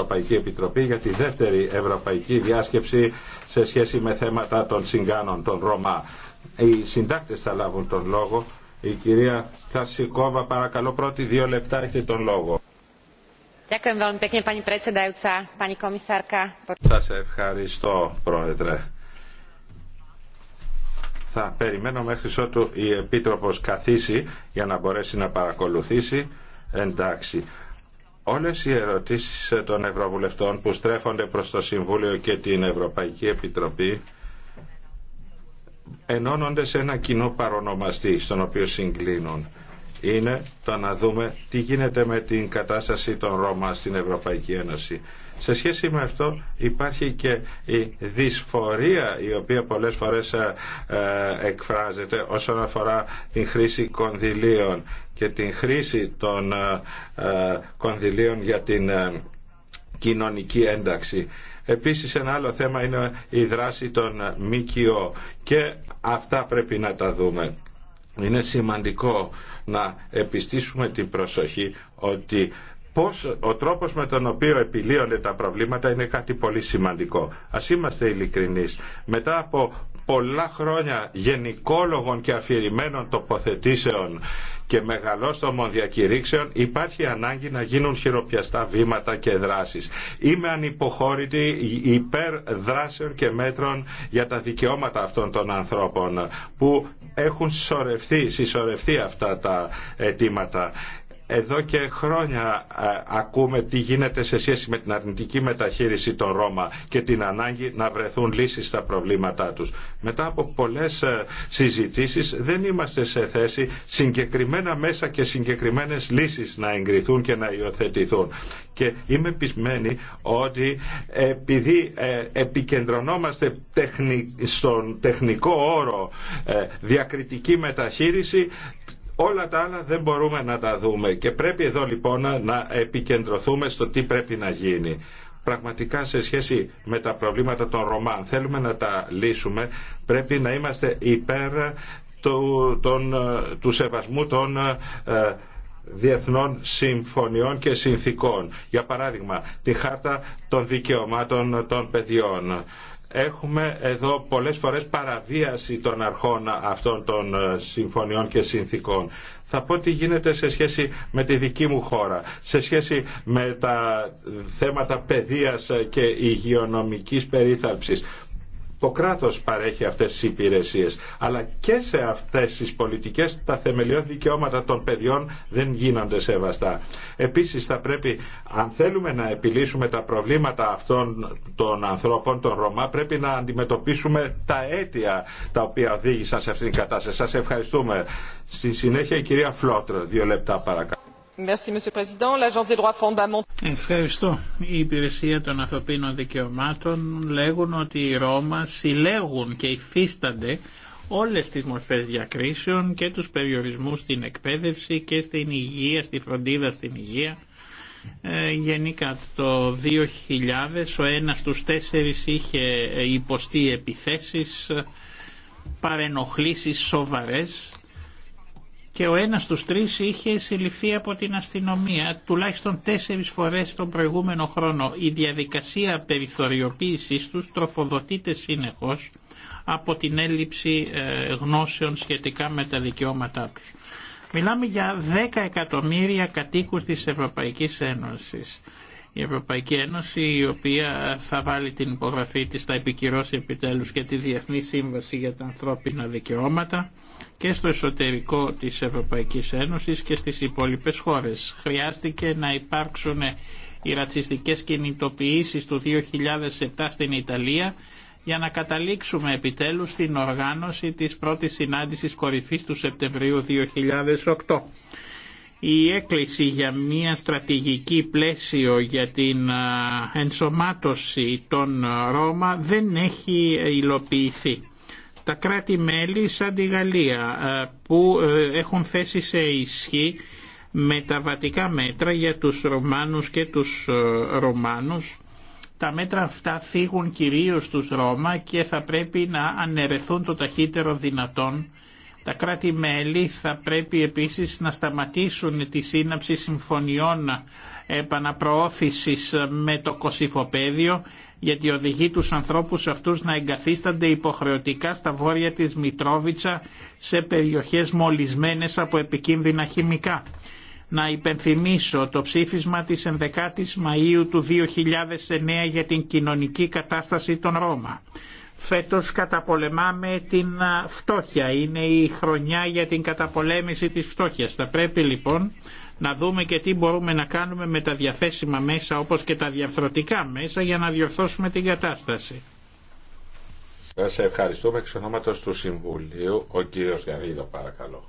Ευρωπαϊκή Επιτροπή για τη δεύτερη Ευρωπαϊκή Διάσκεψη σε σχέση με θέματα των συγκάνων, των Ρωμά. Οι συντάκτες θα λάβουν τον λόγο. Η κυρία Κασικόβα, παρακαλώ, πρώτη δύο λεπτά έχετε τον λόγο. Σα ευχαριστώ, Πρόεδρε. Θα περιμένω μέχρι ότου η Επίτροπος καθίσει για να μπορέσει να παρακολουθήσει. Εντάξει. Όλες οι ερωτήσεις των Ευρωβουλευτών που στρέφονται προς το Συμβούλιο και την Ευρωπαϊκή Επιτροπή ενώνονται σε ένα κοινό παρονομαστή στον οποίο συγκλίνουν. Είναι το να δούμε τι γίνεται με την κατάσταση των Ρώμα στην Ευρωπαϊκή Ένωση. Σε σχέση με αυτό υπάρχει και η δυσφορία η οποία πολλές φορές ε, ε, εκφράζεται όσον αφορά την χρήση κονδυλίων και την χρήση των ε, κονδυλίων για την κοινωνική ένταξη. Επίσης ένα άλλο θέμα είναι η δράση των ΜΚΟ και αυτά πρέπει να τα δούμε. Είναι σημαντικό να επιστήσουμε την προσοχή ότι πώς ο τρόπος με τον οποίο επιλύονται τα προβλήματα είναι κάτι πολύ σημαντικό. Ας είμαστε ειλικρινείς. Μετά από πολλά χρόνια γενικόλογων και αφηρημένων τοποθετήσεων και μεγαλόστομων διακηρύξεων υπάρχει ανάγκη να γίνουν χειροπιαστά βήματα και δράσεις. Είμαι ανυποχώρητη υπέρ δράσεων και μέτρων για τα δικαιώματα αυτών των ανθρώπων που έχουν συσσωρευτεί αυτά τα αιτήματα εδώ και χρόνια ε, ακούμε τι γίνεται σε σχέση με την αρνητική μεταχείριση των Ρώμα και την ανάγκη να βρεθούν λύσεις στα προβλήματά τους. Μετά από πολλές ε, συζητήσεις δεν είμαστε σε θέση συγκεκριμένα μέσα και συγκεκριμένες λύσεις να εγκριθούν και να υιοθετηθούν. Και είμαι πεισμένη ότι επειδή ε, επικεντρωνόμαστε στον τεχνικό όρο διακριτική μεταχείριση Όλα τα άλλα δεν μπορούμε να τα δούμε και πρέπει εδώ λοιπόν να επικεντρωθούμε στο τι πρέπει να γίνει. Πραγματικά σε σχέση με τα προβλήματα των Ρωμά, θέλουμε να τα λύσουμε, πρέπει να είμαστε υπέρ του, τον, ε, του σεβασμού των ε, διεθνών συμφωνιών και συνθήκων. Για παράδειγμα, τη χάρτα των δικαιωμάτων των παιδιών έχουμε εδώ πολλές φορές παραβίαση των αρχών αυτών των ε, συμφωνιών και συνθήκων. Θα πω τι γίνεται σε σχέση με τη δική μου χώρα, σε σχέση με τα θέματα παιδείας και υγειονομικής περίθαλψης το κράτος παρέχει αυτές τις υπηρεσίες, αλλά και σε αυτές τις πολιτικές τα θεμελιώδη δικαιώματα των παιδιών δεν γίνονται σεβαστά. Επίσης θα πρέπει, αν θέλουμε να επιλύσουμε τα προβλήματα αυτών των ανθρώπων, των Ρωμά, πρέπει να αντιμετωπίσουμε τα αίτια τα οποία οδήγησαν σε αυτήν την κατάσταση. Σας ευχαριστούμε. Στη συνέχεια η κυρία Φλότρ, δύο λεπτά παρακαλώ. Ευχαριστώ. Η Υπηρεσία των Ανθρωπίνων Δικαιωμάτων λέγουν ότι οι Ρώμα συλλέγουν και υφίστανται όλες τις μορφές διακρίσεων και τους περιορισμούς στην εκπαίδευση και στην υγεία, στη φροντίδα στην υγεία. Ε, γενικά το 2000 ο ένας στους τέσσερις είχε υποστεί επιθέσεις, παρενοχλήσεις σοβαρές και ο ένας στους τρεις είχε συλληφθεί από την αστυνομία τουλάχιστον τέσσερις φορές τον προηγούμενο χρόνο. Η διαδικασία περιθωριοποίησης τους τροφοδοτείται συνεχώς από την έλλειψη ε, γνώσεων σχετικά με τα δικαιώματά τους. Μιλάμε για 10 εκατομμύρια κατοίκους της Ευρωπαϊκής Ένωσης. Η Ευρωπαϊκή Ένωση η οποία θα βάλει την υπογραφή της, θα επικυρώσει επιτέλους και τη Διεθνή Σύμβαση για τα Ανθρώπινα Δικαιώματα και στο εσωτερικό της Ευρωπαϊκής Ένωσης και στις υπόλοιπες χώρες. Χρειάστηκε να υπάρξουν οι ρατσιστικές κινητοποιήσεις του 2007 στην Ιταλία για να καταλήξουμε επιτέλους την οργάνωση της πρώτης συνάντησης κορυφής του Σεπτεμβρίου 2008. Η έκκληση για μια στρατηγική πλαίσιο για την ενσωμάτωση των Ρώμα δεν έχει υλοποιηθεί. Τα κράτη-μέλη σαν τη Γαλλία ε, που ε, έχουν θέσει σε ισχύ μεταβατικά μέτρα για τους Ρωμάνους και τους ε, Ρωμάνους. Τα μέτρα αυτά φύγουν κυρίως τους Ρώμα και θα πρέπει να αναιρεθούν το ταχύτερο δυνατόν. Τα κράτη-μέλη θα πρέπει επίσης να σταματήσουν τη σύναψη συμφωνιών επαναπροώθησης με το κοσυφοπέδιο γιατί οδηγεί τους ανθρώπους αυτούς να εγκαθίστανται υποχρεωτικά στα βόρεια της Μητρόβιτσα σε περιοχές μολυσμένες από επικίνδυνα χημικά. Να υπενθυμίσω το ψήφισμα της 11ης Μαΐου του 2009 για την κοινωνική κατάσταση των Ρώμα. Φέτος καταπολεμάμε την φτώχεια. Είναι η χρονιά για την καταπολέμηση της φτώχειας. Θα πρέπει λοιπόν να δούμε και τι μπορούμε να κάνουμε με τα διαθέσιμα μέσα όπως και τα διαφθρωτικά μέσα για να διορθώσουμε την κατάσταση. Σας ευχαριστούμε εξ ονόματος του Συμβουλίου. Ο κύριος Γιαννίδο, παρακαλώ.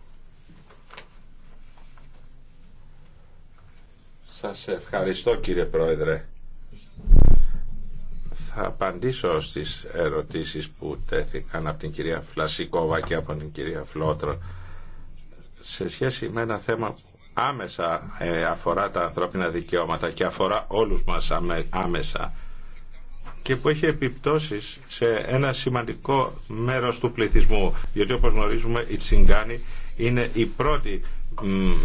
Σας ευχαριστώ κύριε Πρόεδρε. Θα απαντήσω στις ερωτήσεις που τέθηκαν από την κυρία Φλασίκοβα και από την κυρία Φλότρο σε σχέση με ένα θέμα άμεσα ε, αφορά τα ανθρώπινα δικαιώματα και αφορά όλους μας άμεσα και που έχει επιπτώσεις σε ένα σημαντικό μέρος του πληθυσμού γιατί όπως γνωρίζουμε η Τσιγκάνη είναι η πρώτη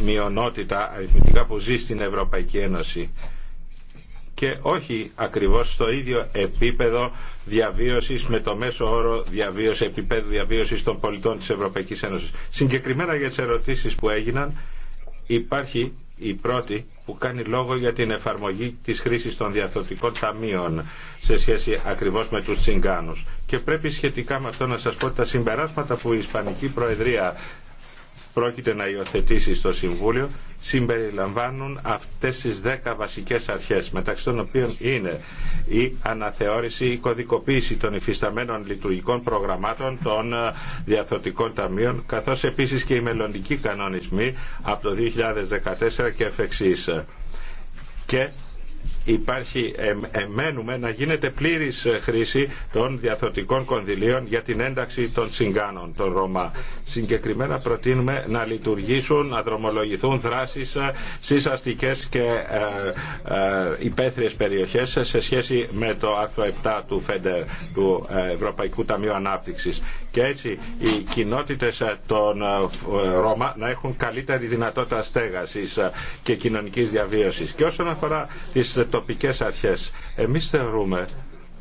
μειονότητα αριθμητικά που ζει στην Ευρωπαϊκή Ένωση και όχι ακριβώς στο ίδιο επίπεδο διαβίωσης με το μέσο όρο διαβίωση, επίπεδο διαβίωσης των πολιτών της Ευρωπαϊκής Ένωσης. Συγκεκριμένα για τις ερωτήσεις που έγιναν Υπάρχει η πρώτη που κάνει λόγο για την εφαρμογή της χρήσης των διαθωτικών ταμείων σε σχέση ακριβώς με τους τσιγκάνους. Και πρέπει σχετικά με αυτό να σας πω ότι τα συμπεράσματα που η Ισπανική Προεδρία πρόκειται να υιοθετήσει στο Συμβούλιο συμπεριλαμβάνουν αυτές τις δέκα βασικές αρχές μεταξύ των οποίων είναι η αναθεώρηση, η κωδικοποίηση των υφισταμένων λειτουργικών προγραμμάτων των ε, διαθωτικών ταμείων καθώς επίσης και οι μελλοντικοί κανονισμοί από το 2014 και εφ' εξής. Και υπάρχει, εμένουμε να γίνεται πλήρης ε, χρήση των διαθωτικών κονδυλίων για την ένταξη των συγκάνων των Ρωμά. Συγκεκριμένα προτείνουμε να λειτουργήσουν, να δρομολογηθούν δράσεις ε, στις αστικές και ε, υπαίθριες περιοχές σε σχέση με το άρθρο 7 του ΦΕΝΤΕΡ, του Ευρωπαϊκού Ταμείου Ανάπτυξης. Και έτσι οι κοινότητες των Ρώμα να έχουν καλύτερη δυνατότητα στέγασης και κοινωνικής διαβίωσης. Και όσον αφορά τις τοπικές αρχές. Εμείς θεωρούμε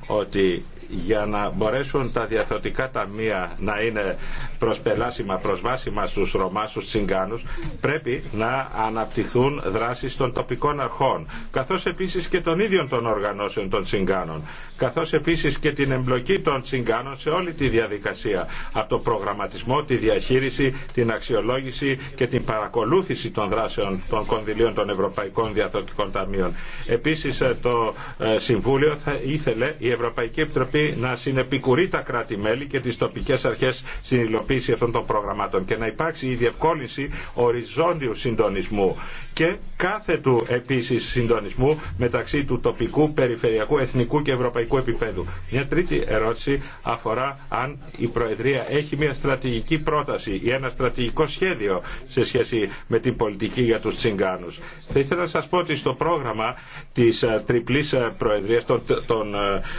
ότι για να μπορέσουν τα διαθωτικά ταμεία να είναι προσπελάσιμα, προσβάσιμα στους Ρωμά, στους Τσιγκάνους, πρέπει να αναπτυχθούν δράσεις των τοπικών αρχών, καθώς επίσης και των ίδιων των οργανώσεων των Τσιγκάνων, καθώς επίσης και την εμπλοκή των Τσιγκάνων σε όλη τη διαδικασία, από τον προγραμματισμό, τη διαχείριση, την αξιολόγηση και την παρακολούθηση των δράσεων των κονδυλίων των Ευρωπαϊκών Διαθωτικών Ταμείων. Επίσης ε, το ε, Συμβούλιο θα ήθελε Ευρωπαϊκή Επιτροπή να συνεπικουρεί τα κράτη-μέλη και τις τοπικές αρχές στην υλοποίηση αυτών των προγραμμάτων και να υπάρξει η διευκόλυνση οριζόντιου συντονισμού και κάθε του επίσης συντονισμού μεταξύ του τοπικού, περιφερειακού, εθνικού και ευρωπαϊκού επίπεδου. Μια τρίτη ερώτηση αφορά αν η Προεδρία έχει μια στρατηγική πρόταση ή ένα στρατηγικό σχέδιο σε σχέση με την πολιτική για τους τσιγκάνους. Θα ήθελα να σας πω ότι στο πρόγραμμα της ε, τριπλής ε, προεδρίας των, των ε,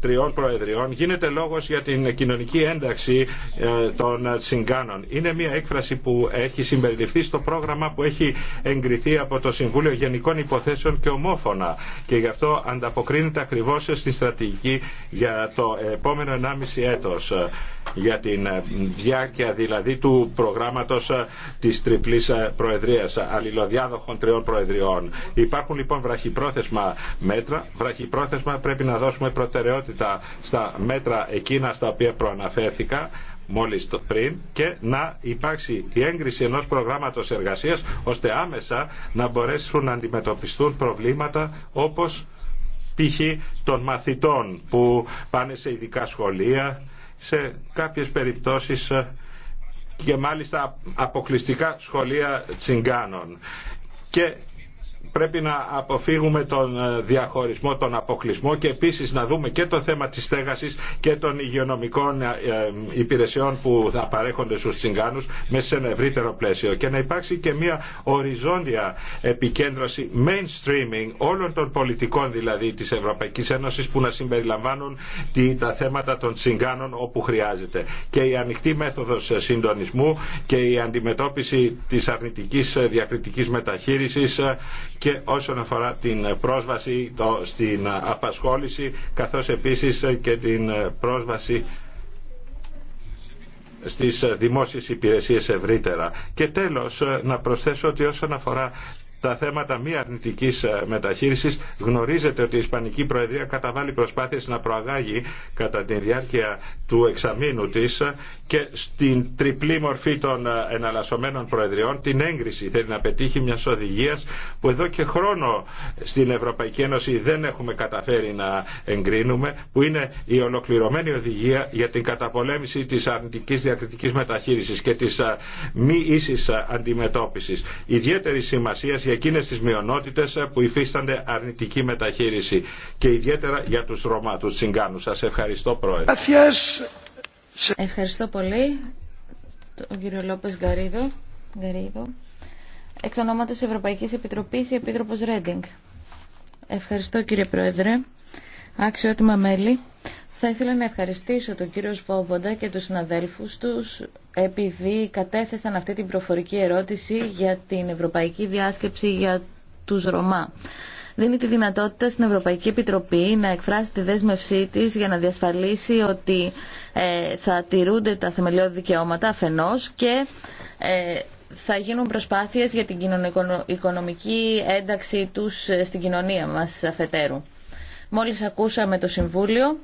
τριών προεδριών γίνεται λόγος για την κοινωνική ένταξη ε, των συγκάνων. Είναι μια έκφραση που έχει συμπεριληφθεί στο πρόγραμμα που έχει εγκριθεί από το Συμβούλιο Γενικών Υποθέσεων και ομόφωνα και γι' αυτό ανταποκρίνεται ακριβώς στη στρατηγική για το επόμενο 1,5 έτος ε, για την ε, διάρκεια δηλαδή του προγράμματος της τριπλής προεδρίας αλληλοδιάδοχων τριών προεδριών. Υπάρχουν λοιπόν βραχυπρόθεσμα μέτρα, βραχυπρόθεσμα πρέπει να δώσουμε προτεραιότητα στα μέτρα εκείνα στα οποία προαναφέρθηκα μόλις το πριν και να υπάρξει η έγκριση ενός προγράμματος εργασίας ώστε άμεσα να μπορέσουν να αντιμετωπιστούν προβλήματα όπως π.χ. των μαθητών που πάνε σε ειδικά σχολεία, σε κάποιες περιπτώσεις και μάλιστα αποκλειστικά σχολεία τσιγκάνων. Και πρέπει να αποφύγουμε τον ε, διαχωρισμό, τον αποκλεισμό και επίσης να δούμε και το θέμα της στέγασης και των υγειονομικών ε, ε, υπηρεσιών που θα παρέχονται στους τσιγκάνους μέσα σε ένα ευρύτερο πλαίσιο και να υπάρξει και μια οριζόντια επικέντρωση mainstreaming όλων των πολιτικών δηλαδή της Ευρωπαϊκής Ένωσης που να συμπεριλαμβάνουν τα θέματα των τσιγκάνων όπου χρειάζεται και η ανοιχτή μέθοδος συντονισμού και η αντιμετώπιση της αρνητική διακριτικής μεταχείρισης και όσον αφορά την πρόσβαση στην απασχόληση καθώς επίσης και την πρόσβαση στις δημόσιες υπηρεσίες ευρύτερα. Και τέλος να προσθέσω ότι όσον αφορά τα θέματα μη αρνητική ε, μεταχείριση. Γνωρίζετε ότι η Ισπανική Προεδρία καταβάλει προσπάθειε να προαγάγει κατά τη διάρκεια του εξαμήνου τη και στην τριπλή μορφή των ε, εναλλασσομένων Προεδριών την έγκριση. Θέλει να πετύχει μια οδηγία που εδώ και χρόνο στην Ευρωπαϊκή Ένωση δεν έχουμε καταφέρει να εγκρίνουμε, που είναι η ολοκληρωμένη οδηγία για την καταπολέμηση τη αρνητική διακριτική μεταχείριση και τη ε, μη ίση αντιμετώπιση. Ιδιαίτερη σημασία για εκείνες τις μειονότητες ε, που υφίστανται αρνητική μεταχείριση και ιδιαίτερα για τους Ρωμά, του Τσιγκάνου. Σα ευχαριστώ Πρόεδρε. Ευχαριστώ πολύ τον κύριο Λόπες Γκαρίδο. Γκαρίδο. Εξ ονόματος Ευρωπαϊκής Επιτροπής, η Επίτροπος Ρέντινγκ. Ευχαριστώ κύριε Πρόεδρε. Αξιότιμα μέλη. Θα ήθελα να ευχαριστήσω τον κύριο Σβόβοντα και τους συναδέλφους τους επειδή κατέθεσαν αυτή την προφορική ερώτηση για την Ευρωπαϊκή Διάσκεψη για τους Ρωμά. Δίνει τη δυνατότητα στην Ευρωπαϊκή Επιτροπή να εκφράσει τη δέσμευσή της για να διασφαλίσει ότι ε, θα τηρούνται τα θεμελιώδη δικαιώματα αφενός και ε, θα γίνουν προσπάθειες για την οικονομικη ένταξη τους ε, στην κοινωνία μας αφετέρου. Μόλις ακούσαμε το Συμβούλιο,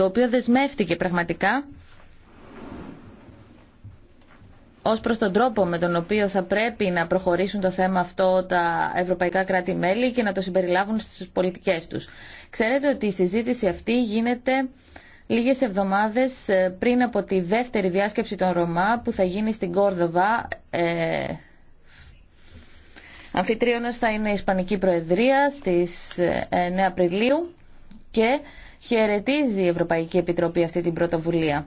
το οποίο δεσμεύτηκε πραγματικά ως προς τον τρόπο με τον οποίο θα πρέπει να προχωρήσουν το θέμα αυτό τα ευρωπαϊκά κράτη-μέλη και να το συμπεριλάβουν στις πολιτικές τους. Ξέρετε ότι η συζήτηση αυτή γίνεται λίγες εβδομάδες ε, πριν από τη δεύτερη διάσκεψη των Ρωμά που θα γίνει στην Κόρδοβα. Ε, θα είναι η Ισπανική Προεδρία στις 9 ε, Απριλίου και χαιρετίζει η Ευρωπαϊκή Επιτροπή αυτή την πρωτοβουλία.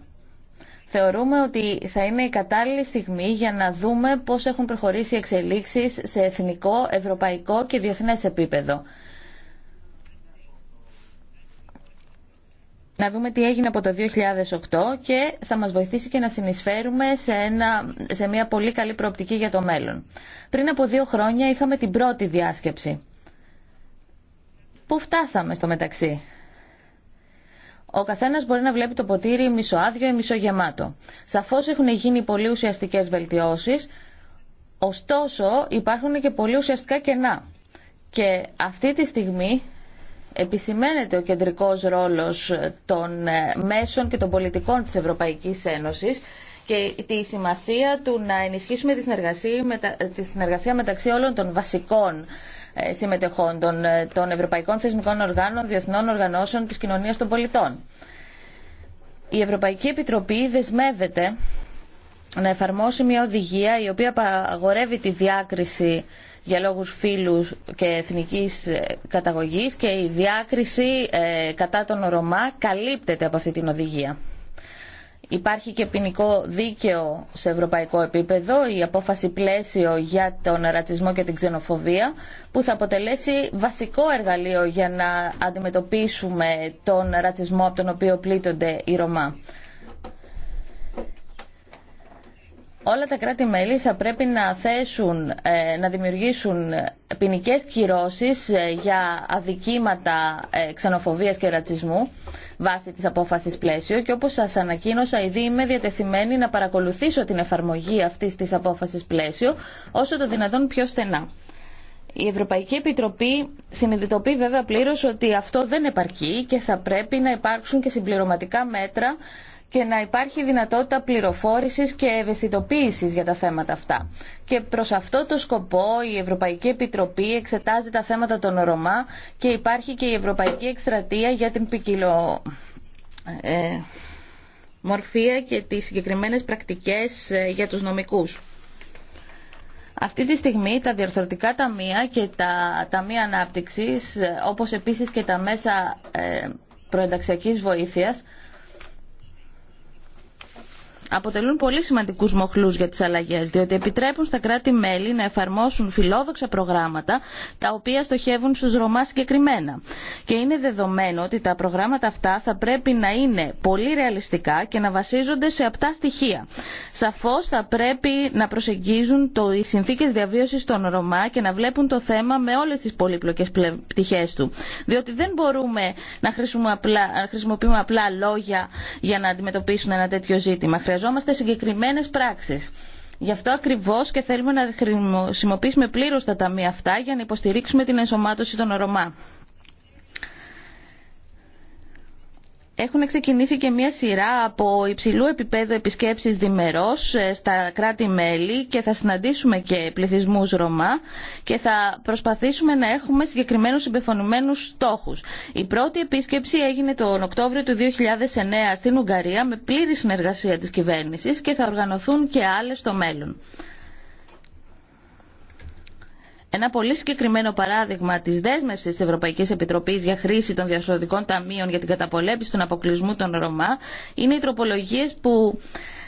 Θεωρούμε ότι θα είναι η κατάλληλη στιγμή για να δούμε πώς έχουν προχωρήσει οι εξελίξεις σε εθνικό, ευρωπαϊκό και διεθνές επίπεδο. να δούμε τι έγινε από το 2008 και θα μας βοηθήσει και να συνεισφέρουμε σε, ένα, σε μια πολύ καλή προοπτική για το μέλλον. Πριν από δύο χρόνια είχαμε την πρώτη διάσκεψη. Πού φτάσαμε στο μεταξύ ο καθένα μπορεί να βλέπει το ποτήρι μισοάδιο ή μισογεμάτο. Σαφώ έχουν γίνει πολύ ουσιαστικέ βελτιώσει, ωστόσο υπάρχουν και πολύ ουσιαστικά κενά. Και αυτή τη στιγμή επισημαίνεται ο κεντρικός ρόλος των ε, μέσων και των πολιτικών της Ευρωπαϊκής Ένωσης και τη σημασία του να ενισχύσουμε τη συνεργασία, τη συνεργασία μεταξύ όλων των βασικών ε, συμμετεχόντων, ε, των ευρωπαϊκών θεσμικών οργάνων, διεθνών οργανώσεων της κοινωνίας των πολιτών. Η Ευρωπαϊκή Επιτροπή δεσμεύεται να εφαρμόσει μια οδηγία η οποία απαγορεύει τη διάκριση για λόγους φύλου και εθνικής ε, καταγωγής και η διάκριση κατά τον Ρωμά καλύπτεται από αυτή την οδηγία. Υπάρχει και ποινικό δίκαιο σε ευρωπαϊκό επίπεδο, η απόφαση πλαίσιο για τον ρατσισμό και την ξενοφοβία, που θα αποτελέσει βασικό εργαλείο για να αντιμετωπίσουμε τον ρατσισμό από τον οποίο πλήττονται οι Ρωμά. Όλα τα κράτη-μέλη θα πρέπει να θέσουν, ε, να δημιουργήσουν ποινικέ κυρώσεις ε, για αδικήματα ε, ξενοφοβίας και ρατσισμού βάσει της απόφασης πλαίσιο και όπως σας ανακοίνωσα ήδη είμαι διατεθειμένη να παρακολουθήσω την εφαρμογή αυτής της απόφασης πλαίσιο όσο το δυνατόν πιο στενά. Η Ευρωπαϊκή Επιτροπή συνειδητοποιεί βέβαια πλήρως ότι αυτό δεν επαρκεί και θα πρέπει να υπάρξουν και συμπληρωματικά μέτρα και να υπάρχει δυνατότητα πληροφόρησης και ευαισθητοποίησης για τα θέματα αυτά. Και προς αυτό το σκοπό η Ευρωπαϊκή Επιτροπή εξετάζει τα θέματα των Ρωμά και υπάρχει και η Ευρωπαϊκή Εκστρατεία για την ποικιλο... Ε, μορφία και τις συγκεκριμένες πρακτικές ε, για τους νομικούς. Αυτή τη στιγμή τα διορθωτικά ταμεία και τα ταμεία ανάπτυξης, ε, όπως επίσης και τα μέσα προενταξιακής βοήθειας, αποτελούν πολύ σημαντικού μοχλούς για τι αλλαγέ, διότι επιτρέπουν στα κράτη-μέλη να εφαρμόσουν φιλόδοξα προγράμματα, τα οποία στοχεύουν στου Ρωμά συγκεκριμένα. Και είναι δεδομένο ότι τα προγράμματα αυτά θα πρέπει να είναι πολύ ρεαλιστικά και να βασίζονται σε απτά στοιχεία. Σαφώ θα πρέπει να προσεγγίζουν το, οι συνθήκε διαβίωσης των Ρωμά και να βλέπουν το θέμα με όλε τι πολύπλοκε πτυχέ του. Διότι δεν μπορούμε να χρησιμοποιούμε απλά, να χρησιμοποιούμε απλά λόγια για να αντιμετωπίσουν ένα τέτοιο ζήτημα χρειαζόμαστε συγκεκριμένες πράξεις. Γι' αυτό ακριβώ και θέλουμε να χρησιμοποιήσουμε πλήρω τα ταμεία αυτά για να υποστηρίξουμε την ενσωμάτωση των Ρωμά. Έχουν ξεκινήσει και μια σειρά από υψηλού επίπεδου επισκέψεις διμερώς ε, στα κράτη-μέλη και θα συναντήσουμε και πληθυσμούς Ρωμά και θα προσπαθήσουμε να έχουμε συγκεκριμένους συμπεφωνημένους στόχους. Η πρώτη επίσκεψη έγινε τον Οκτώβριο του 2009 στην Ουγγαρία με πλήρη συνεργασία της κυβέρνησης και θα οργανωθούν και άλλες στο μέλλον. Ένα πολύ συγκεκριμένο παράδειγμα τη δέσμευση τη Ευρωπαϊκή Επιτροπή για χρήση των διαφορετικών ταμείων για την καταπολέμηση των αποκλεισμού των Ρωμά είναι οι τροπολογίε που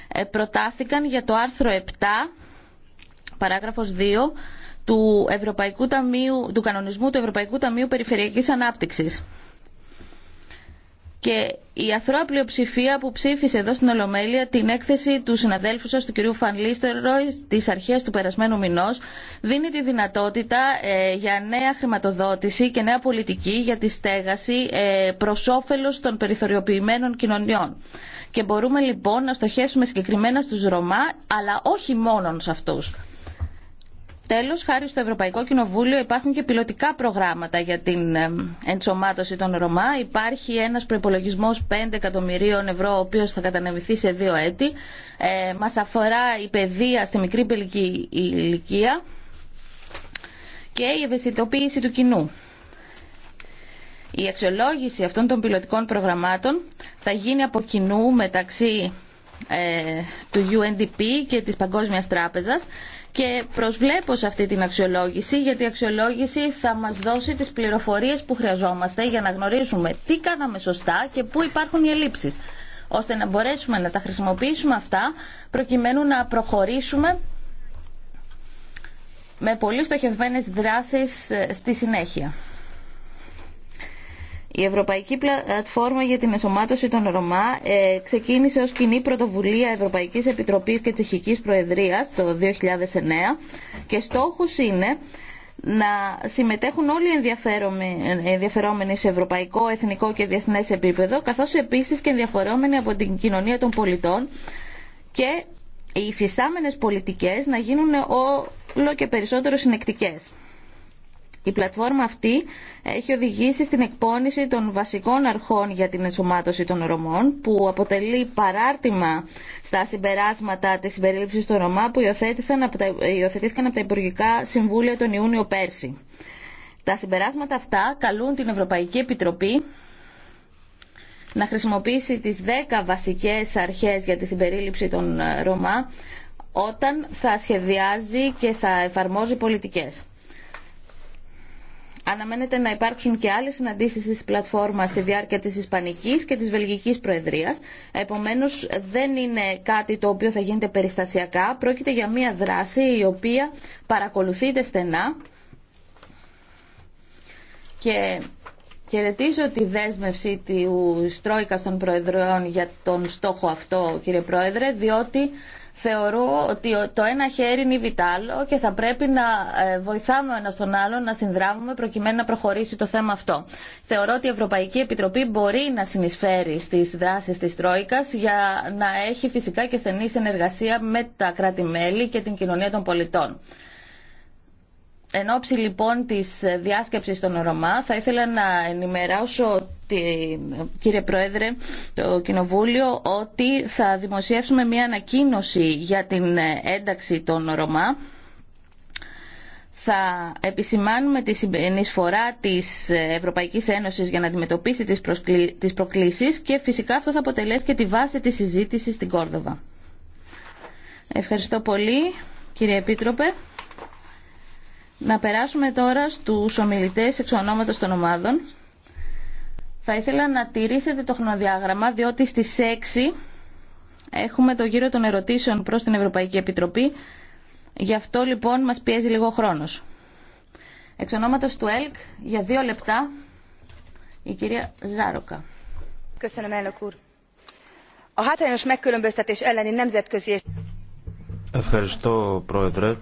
ε, προτάθηκαν για το άρθρο 7, παράγραφος 2, του, Ευρωπαϊκού Ταμείου, του κανονισμού του Ευρωπαϊκού Ταμείου Περιφερειακής Ανάπτυξης και η αθρώα πλειοψηφία που ψήφισε εδώ στην Ολομέλεια την έκθεση του συναδέλφου σας, του κυρίου Φαν Λίστεροι, στις αρχές του περασμένου μηνός, δίνει τη δυνατότητα ε, για νέα χρηματοδότηση και νέα πολιτική για τη στέγαση ε, προς των περιθωριοποιημένων κοινωνιών. Και μπορούμε λοιπόν να στοχεύσουμε συγκεκριμένα στους Ρωμά, αλλά όχι μόνον σε αυτούς. Τέλος, χάρη στο Ευρωπαϊκό Κοινοβούλιο υπάρχουν και πιλωτικά προγράμματα για την ε, ενσωμάτωση των Ρωμά. Υπάρχει ένας προϋπολογισμός 5 εκατομμυρίων ευρώ, ο οποίος θα κατανεμηθεί σε δύο έτη. Ε, μας αφορά η παιδεία στη μικρή πελική ηλικία και η ευαισθητοποίηση του κοινού. Η αξιολόγηση αυτών των πιλωτικών προγραμμάτων θα γίνει από κοινού μεταξύ ε, του UNDP και της Παγκόσμιας Τράπεζας και προσβλέπω σε αυτή την αξιολόγηση γιατί η αξιολόγηση θα μας δώσει τις πληροφορίες που χρειαζόμαστε για να γνωρίζουμε τι κάναμε σωστά και πού υπάρχουν οι ελλείψεις ώστε να μπορέσουμε να τα χρησιμοποιήσουμε αυτά προκειμένου να προχωρήσουμε με πολύ στοχευμένες δράσεις ε, στη συνέχεια. Η Ευρωπαϊκή Πλατφόρμα για τη Μεσομάτωση των Ρωμά ε, ξεκίνησε ως κοινή πρωτοβουλία Ευρωπαϊκής Επιτροπής και Τσεχικής Προεδρίας το 2009 και στόχος είναι να συμμετέχουν όλοι οι ενδιαφερόμενοι σε ευρωπαϊκό, εθνικό και διεθνές επίπεδο, καθώς επίσης και ενδιαφερόμενοι από την κοινωνία των πολιτών και οι υφιστάμενες πολιτικές να γίνουν όλο και περισσότερο συνεκτικές. Η πλατφόρμα αυτή έχει οδηγήσει στην εκπόνηση των βασικών αρχών για την ενσωμάτωση των Ρωμών, που αποτελεί παράρτημα στα συμπεράσματα της συμπερίληψης των Ρωμά που υιοθετήθηκαν από τα Υπουργικά Συμβούλια τον Ιούνιο πέρσι. Τα συμπεράσματα αυτά καλούν την Ευρωπαϊκή Επιτροπή να χρησιμοποιήσει τις 10 βασικές αρχές για τη συμπερίληψη των Ρωμά όταν θα σχεδιάζει και θα εφαρμόζει πολιτικές αναμένεται να υπάρξουν και άλλες συναντήσεις της πλατφόρμας στη διάρκεια της Ισπανικής και της Βελγικής Προεδρίας. Επομένως δεν είναι κάτι το οποίο θα γίνεται περιστασιακά. Πρόκειται για μια δράση η οποία παρακολουθείται στενά και Χαιρετίζω τη δέσμευση του Στρόικα των Προεδρών για τον στόχο αυτό, κύριε Πρόεδρε, διότι Θεωρώ ότι το ένα χέρι είναι βιτάλο και θα πρέπει να ε, βοηθάμε ο ένα τον άλλον να συνδράμουμε προκειμένου να προχωρήσει το θέμα αυτό. Θεωρώ ότι η Ευρωπαϊκή Επιτροπή μπορεί να συνεισφέρει στι δράσει της Τρόικα για να έχει φυσικά και στενή συνεργασία με τα κράτη-μέλη και την κοινωνία των πολιτών. Εν ώψη λοιπόν της διάσκεψης των Ρωμά θα ήθελα να ενημερώσω τη, κύριε Πρόεδρε το Κοινοβούλιο ότι θα δημοσιεύσουμε μια ανακοίνωση για την ένταξη των Ρωμά θα επισημάνουμε τη συνεισφορά της Ευρωπαϊκής Ένωσης για να αντιμετωπίσει τις, προσκλη... τις προκλήσεις και φυσικά αυτό θα αποτελέσει και τη βάση της συζήτησης στην Κόρδοβα. Ευχαριστώ πολύ κύριε Επίτροπε. Να περάσουμε τώρα στους ομιλητές εξ ονόματος των ομάδων. Θα ήθελα να τηρήσετε το χρονοδιάγραμμα, διότι στις 6 έχουμε το γύρο των ερωτήσεων προς την Ευρωπαϊκή Επιτροπή. Γι' αυτό λοιπόν μας πιέζει λίγο χρόνος. Εξ του ΕΛΚ, για δύο λεπτά, η κυρία Ζάροκα. Ευχαριστώ, Πρόεδρε.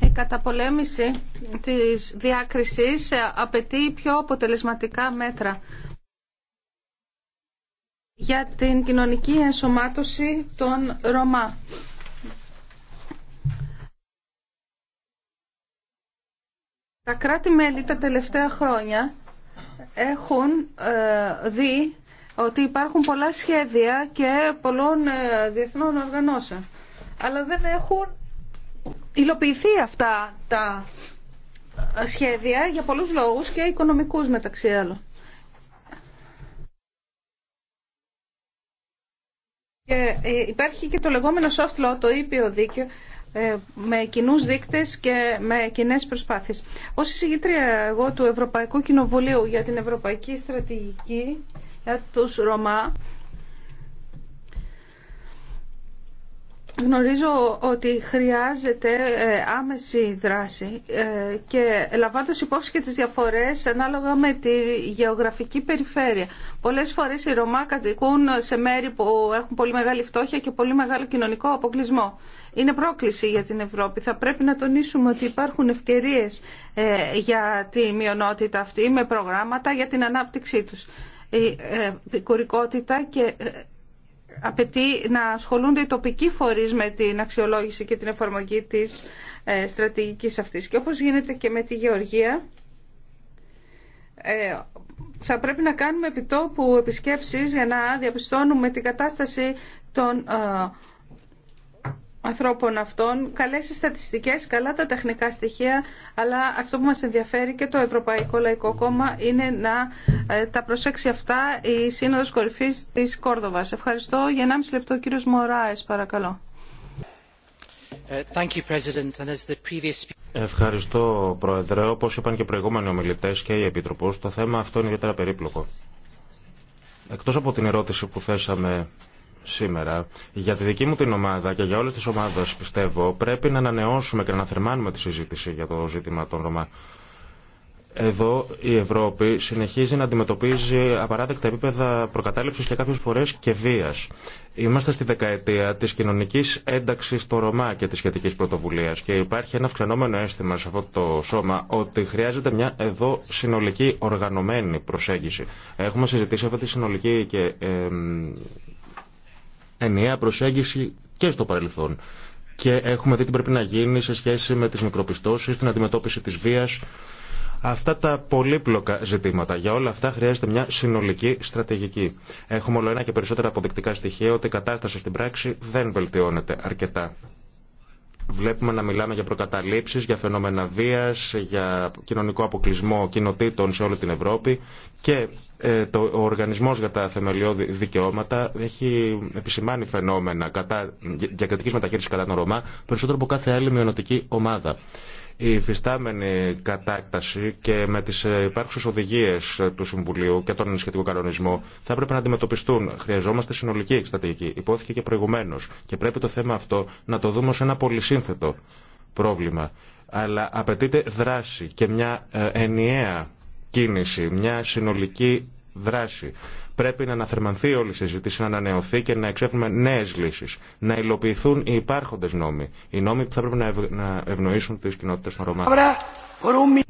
Η καταπολέμηση της διάκρισης απαιτεί πιο αποτελεσματικά μέτρα για την κοινωνική ενσωμάτωση των Ρωμά. Τα κράτη-μέλη τα τελευταία χρόνια έχουν ε, δει ότι υπάρχουν πολλά σχέδια και πολλών ε, διεθνών οργανώσεων, αλλά δεν έχουν υλοποιηθεί αυτά τα σχέδια για πολλούς λόγους και οικονομικούς μεταξύ άλλων. Ε, υπάρχει και το λεγόμενο soft law, το ήπιο δίκαιο, ε, με κοινού δείκτε και με κοινέ προσπάθειες. Ω εισηγητρία εγώ του Ευρωπαϊκού Κοινοβουλίου για την Ευρωπαϊκή Στρατηγική για τους Ρωμά, Γνωρίζω ότι χρειάζεται ε, άμεση δράση ε, και λαμβάνοντα υπόψη και τις διαφορές ανάλογα με τη γεωγραφική περιφέρεια. Πολλές φορές οι Ρωμά κατοικούν σε μέρη που έχουν πολύ μεγάλη φτώχεια και πολύ μεγάλο κοινωνικό αποκλεισμό. Είναι πρόκληση για την Ευρώπη. Θα πρέπει να τονίσουμε ότι υπάρχουν ευκαιρίες ε, για τη μειονότητα αυτή με προγράμματα για την ανάπτυξή τους. Η κουρικότητα και απαιτεί να ασχολούνται οι τοπικοί φορείς με την αξιολόγηση και την εφαρμογή της ε, στρατηγικής αυτής. Και όπως γίνεται και με τη Γεωργία, ε, θα πρέπει να κάνουμε επιτόπου επισκέψεις για να διαπιστώνουμε την κατάσταση των ε, ανθρώπων αυτών, καλές οι στατιστικές, καλά τα τεχνικά στοιχεία, αλλά αυτό που μας ενδιαφέρει και το Ευρωπαϊκό Λαϊκό Κόμμα είναι να ε, τα προσέξει αυτά η Σύνοδος Κορυφής της Κόρδοβας. Ευχαριστώ. Για 1,5 λεπτό ο κύριος Μωράες, παρακαλώ. Ε, Ευχαριστώ, Πρόεδρε. Όπως είπαν και προηγούμενοι ομιλητές και οι επιτροπού, το θέμα αυτό είναι ιδιαίτερα περίπλοκο. Εκτός από την ερώτηση που θέσαμε σήμερα για τη δική μου την ομάδα και για όλες τις ομάδες πιστεύω πρέπει να ανανεώσουμε και να θερμάνουμε τη συζήτηση για το ζήτημα των Ρωμά. Εδώ η Ευρώπη συνεχίζει να αντιμετωπίζει απαράδεκτα επίπεδα προκατάληψης και κάποιες φορές και βίας. Είμαστε στη δεκαετία της κοινωνικής ένταξης στο Ρωμά και της σχετικής πρωτοβουλίας και υπάρχει ένα αυξανόμενο αίσθημα σε αυτό το σώμα ότι χρειάζεται μια εδώ συνολική οργανωμένη προσέγγιση. Έχουμε συζητήσει αυτή τη συνολική και ενιαία προσέγγιση και στο παρελθόν. Και έχουμε δει τι πρέπει να γίνει σε σχέση με τις μικροπιστώσεις, την αντιμετώπιση της βίας, αυτά τα πολύπλοκα ζητήματα. Για όλα αυτά χρειάζεται μια συνολική στρατηγική. Έχουμε όλο ένα και περισσότερα αποδεικτικά στοιχεία ότι η κατάσταση στην πράξη δεν βελτιώνεται αρκετά. Βλέπουμε να μιλάμε για προκαταλήψεις, για φαινόμενα βίας, για κοινωνικό αποκλεισμό κοινοτήτων σε όλη την Ευρώπη και ε, το, ο Οργανισμός για τα Θεμελιώδη Δικαιώματα έχει επισημάνει φαινόμενα κατά, διακριτικής μεταχείρισης κατά τον Ρωμά περισσότερο από κάθε άλλη μειονοτική ομάδα η υφιστάμενη κατάκταση και με τις υπάρχουσες οδηγίες του Συμβουλίου και τον σχετικό κανονισμό θα πρέπει να αντιμετωπιστούν. Χρειαζόμαστε συνολική εκστατική. Υπόθηκε και προηγουμένω. και πρέπει το θέμα αυτό να το δούμε ως ένα πολυσύνθετο πρόβλημα. Αλλά απαιτείται δράση και μια ε, ενιαία κίνηση, μια συνολική δράση Πρέπει να αναθερμανθεί όλη η συζήτηση, να ανανεωθεί και να εξέφουμε νέε λύσει. Να υλοποιηθούν οι υπάρχοντε νόμοι. Οι νόμοι που θα πρέπει να, ευ... να ευνοήσουν τι κοινότητε των Ρωμά.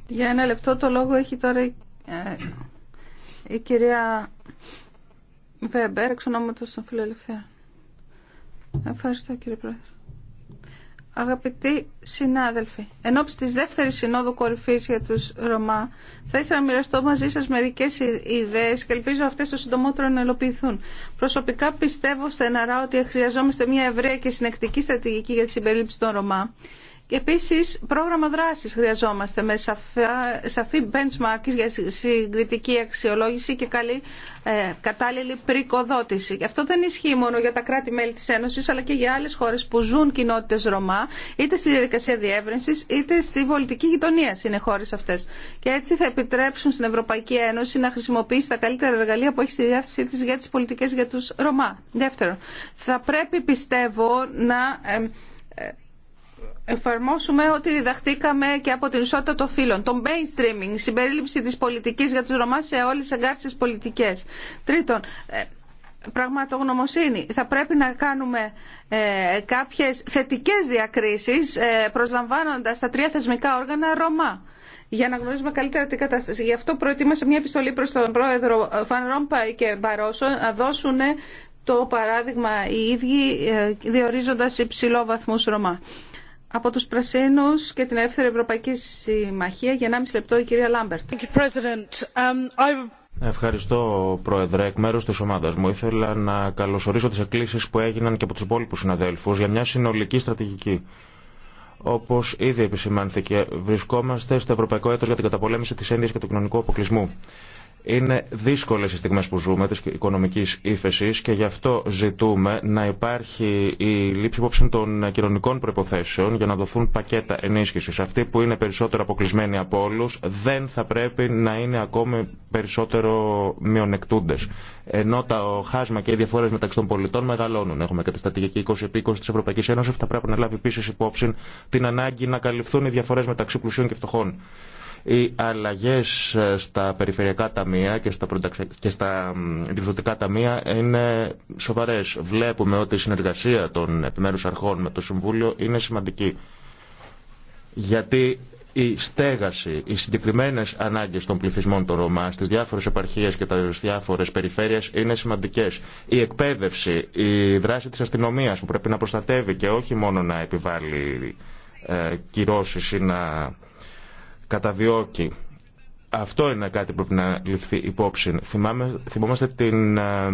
Για ένα λεπτό το λόγο έχει τώρα ε, η, κυρία Βέμπερ, εξ ονόματος των Φιλελευθέρων. Ευχαριστώ κύριε Πρόεδρε. Αγαπητοί συνάδελφοι, εν ώψη της δεύτερης συνόδου κορυφής για τους Ρωμά, θα ήθελα να μοιραστώ μαζί σας μερικές ιδέες και ελπίζω αυτές το συντομότερο να ελοπιθούν. Προσωπικά πιστεύω στεναρά ότι χρειαζόμαστε μια ευρεία και συνεκτική στρατηγική για τη συμπερίληψη των Ρωμά Επίσης, πρόγραμμα δράσης χρειαζόμαστε με σαφή benchmark για συγκριτική αξιολόγηση και καλή ε, κατάλληλη πρικοδότηση. Αυτό δεν ισχύει μόνο για τα κράτη-μέλη της Ένωσης, αλλά και για άλλες χώρες που ζουν κοινότητες Ρωμά, είτε στη διαδικασία διεύρυνσης, είτε στη πολιτική γειτονία είναι χώρες αυτές. Και έτσι θα επιτρέψουν στην Ευρωπαϊκή Ένωση να χρησιμοποιήσει τα καλύτερα εργαλεία που έχει στη διάθεσή της για τις πολιτικέ για τους Ρωμά. Δεύτερον, θα πρέπει πιστεύω να... Ε, ε, εφαρμόσουμε ό,τι διδαχτήκαμε και από την ισότητα των φύλων. Το mainstreaming, η συμπερίληψη της πολιτικής για τους Ρωμά σε όλες τις εγκάρσεις πολιτικές. Τρίτον, ε, πραγματογνωμοσύνη. Θα πρέπει να κάνουμε ε, κάποιες θετικές διακρίσεις ε, προσλαμβάνοντας τα τρία θεσμικά όργανα Ρωμά για να γνωρίζουμε καλύτερα την κατάσταση. Γι' αυτό προετοίμασα μια επιστολή προς τον πρόεδρο Φαν Ρόμπα και Μπαρόσο να δώσουν το παράδειγμα οι ίδιοι ε, διορίζοντας υψηλό βαθμούς Ρωμά. Από τους Πρασίνους και την Ελεύθερη Ευρωπαϊκή Συμμαχία, για 1,5 λεπτό η κυρία Λάμπερτ. Um, Ευχαριστώ, Πρόεδρε. Εκ μέρου τη ομάδα μου ήθελα να καλωσορίσω τι εκκλήσει που έγιναν και από του υπόλοιπου συναδέλφου για μια συνολική στρατηγική. Όπω ήδη επισημάνθηκε, βρισκόμαστε στο Ευρωπαϊκό Έτο για την καταπολέμηση τη ένδυα και του κοινωνικού αποκλεισμού. Είναι δύσκολε οι στιγμέ που ζούμε τη οικονομική ύφεση και γι' αυτό ζητούμε να υπάρχει η λήψη υπόψη των κοινωνικών προποθέσεων για να δοθούν πακέτα ενίσχυση. Αυτοί που είναι περισσότερο αποκλεισμένοι από όλου δεν θα πρέπει να είναι ακόμη περισσότερο μειονεκτούντε. Ενώ τα χάσμα και οι διαφορέ μεταξύ των πολιτών μεγαλώνουν. Έχουμε και τη στρατηγική 20 επί 20 τη Ευρωπαϊκή Ένωση που θα πρέπει να λάβει επίση υπόψη την ανάγκη να καλυφθούν οι διαφορέ μεταξύ πλουσίων και φτωχών. Οι αλλαγέ ε, στα περιφερειακά ταμεία και στα, και στα διευθυντικά ταμεία είναι σοβαρέ. Βλέπουμε ότι η συνεργασία των επιμέρους αρχών με το Συμβούλιο είναι σημαντική. Γιατί η στέγαση, οι συγκεκριμένε ανάγκε των πληθυσμών των Ρωμά στι διάφορε επαρχίε και τι διάφορε περιφέρειε είναι σημαντικέ. Η εκπαίδευση, η δράση τη αστυνομία που πρέπει να προστατεύει και όχι μόνο να επιβάλλει ε, κυρώσει ή να καταδιώκει. Αυτό είναι κάτι που πρέπει να ληφθεί υπόψη. Θυμάμαι, θυμόμαστε την ε,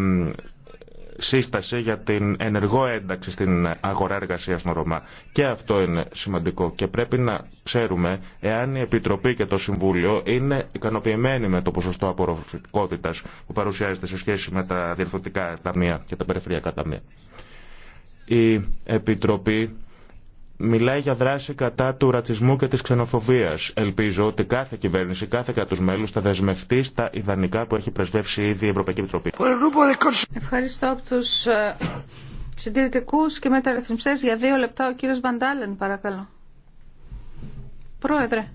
σύσταση για την ενεργό ένταξη στην αγορά εργασίας στον Ρωμά. Και αυτό είναι σημαντικό και πρέπει να ξέρουμε εάν η Επιτροπή και το Συμβούλιο είναι ικανοποιημένοι με το ποσοστό απορροφητικότητας που παρουσιάζεται σε σχέση με τα διευθυντικά ταμεία και τα περιφερειακά ταμεία. Η Επιτροπή μιλάει για δράση κατά του ρατσισμού και της ξενοφοβίας. Ελπίζω ότι κάθε κυβέρνηση, κάθε κράτος μέλους θα δεσμευτεί στα ιδανικά που έχει πρεσβεύσει ήδη η Ευρωπαϊκή Επιτροπή. Ευχαριστώ από τους ε, συντηρητικούς και μεταρρυθμιστές. Για δύο λεπτά ο κύριος Βαντάλεν παρακαλώ. Πρόεδρε,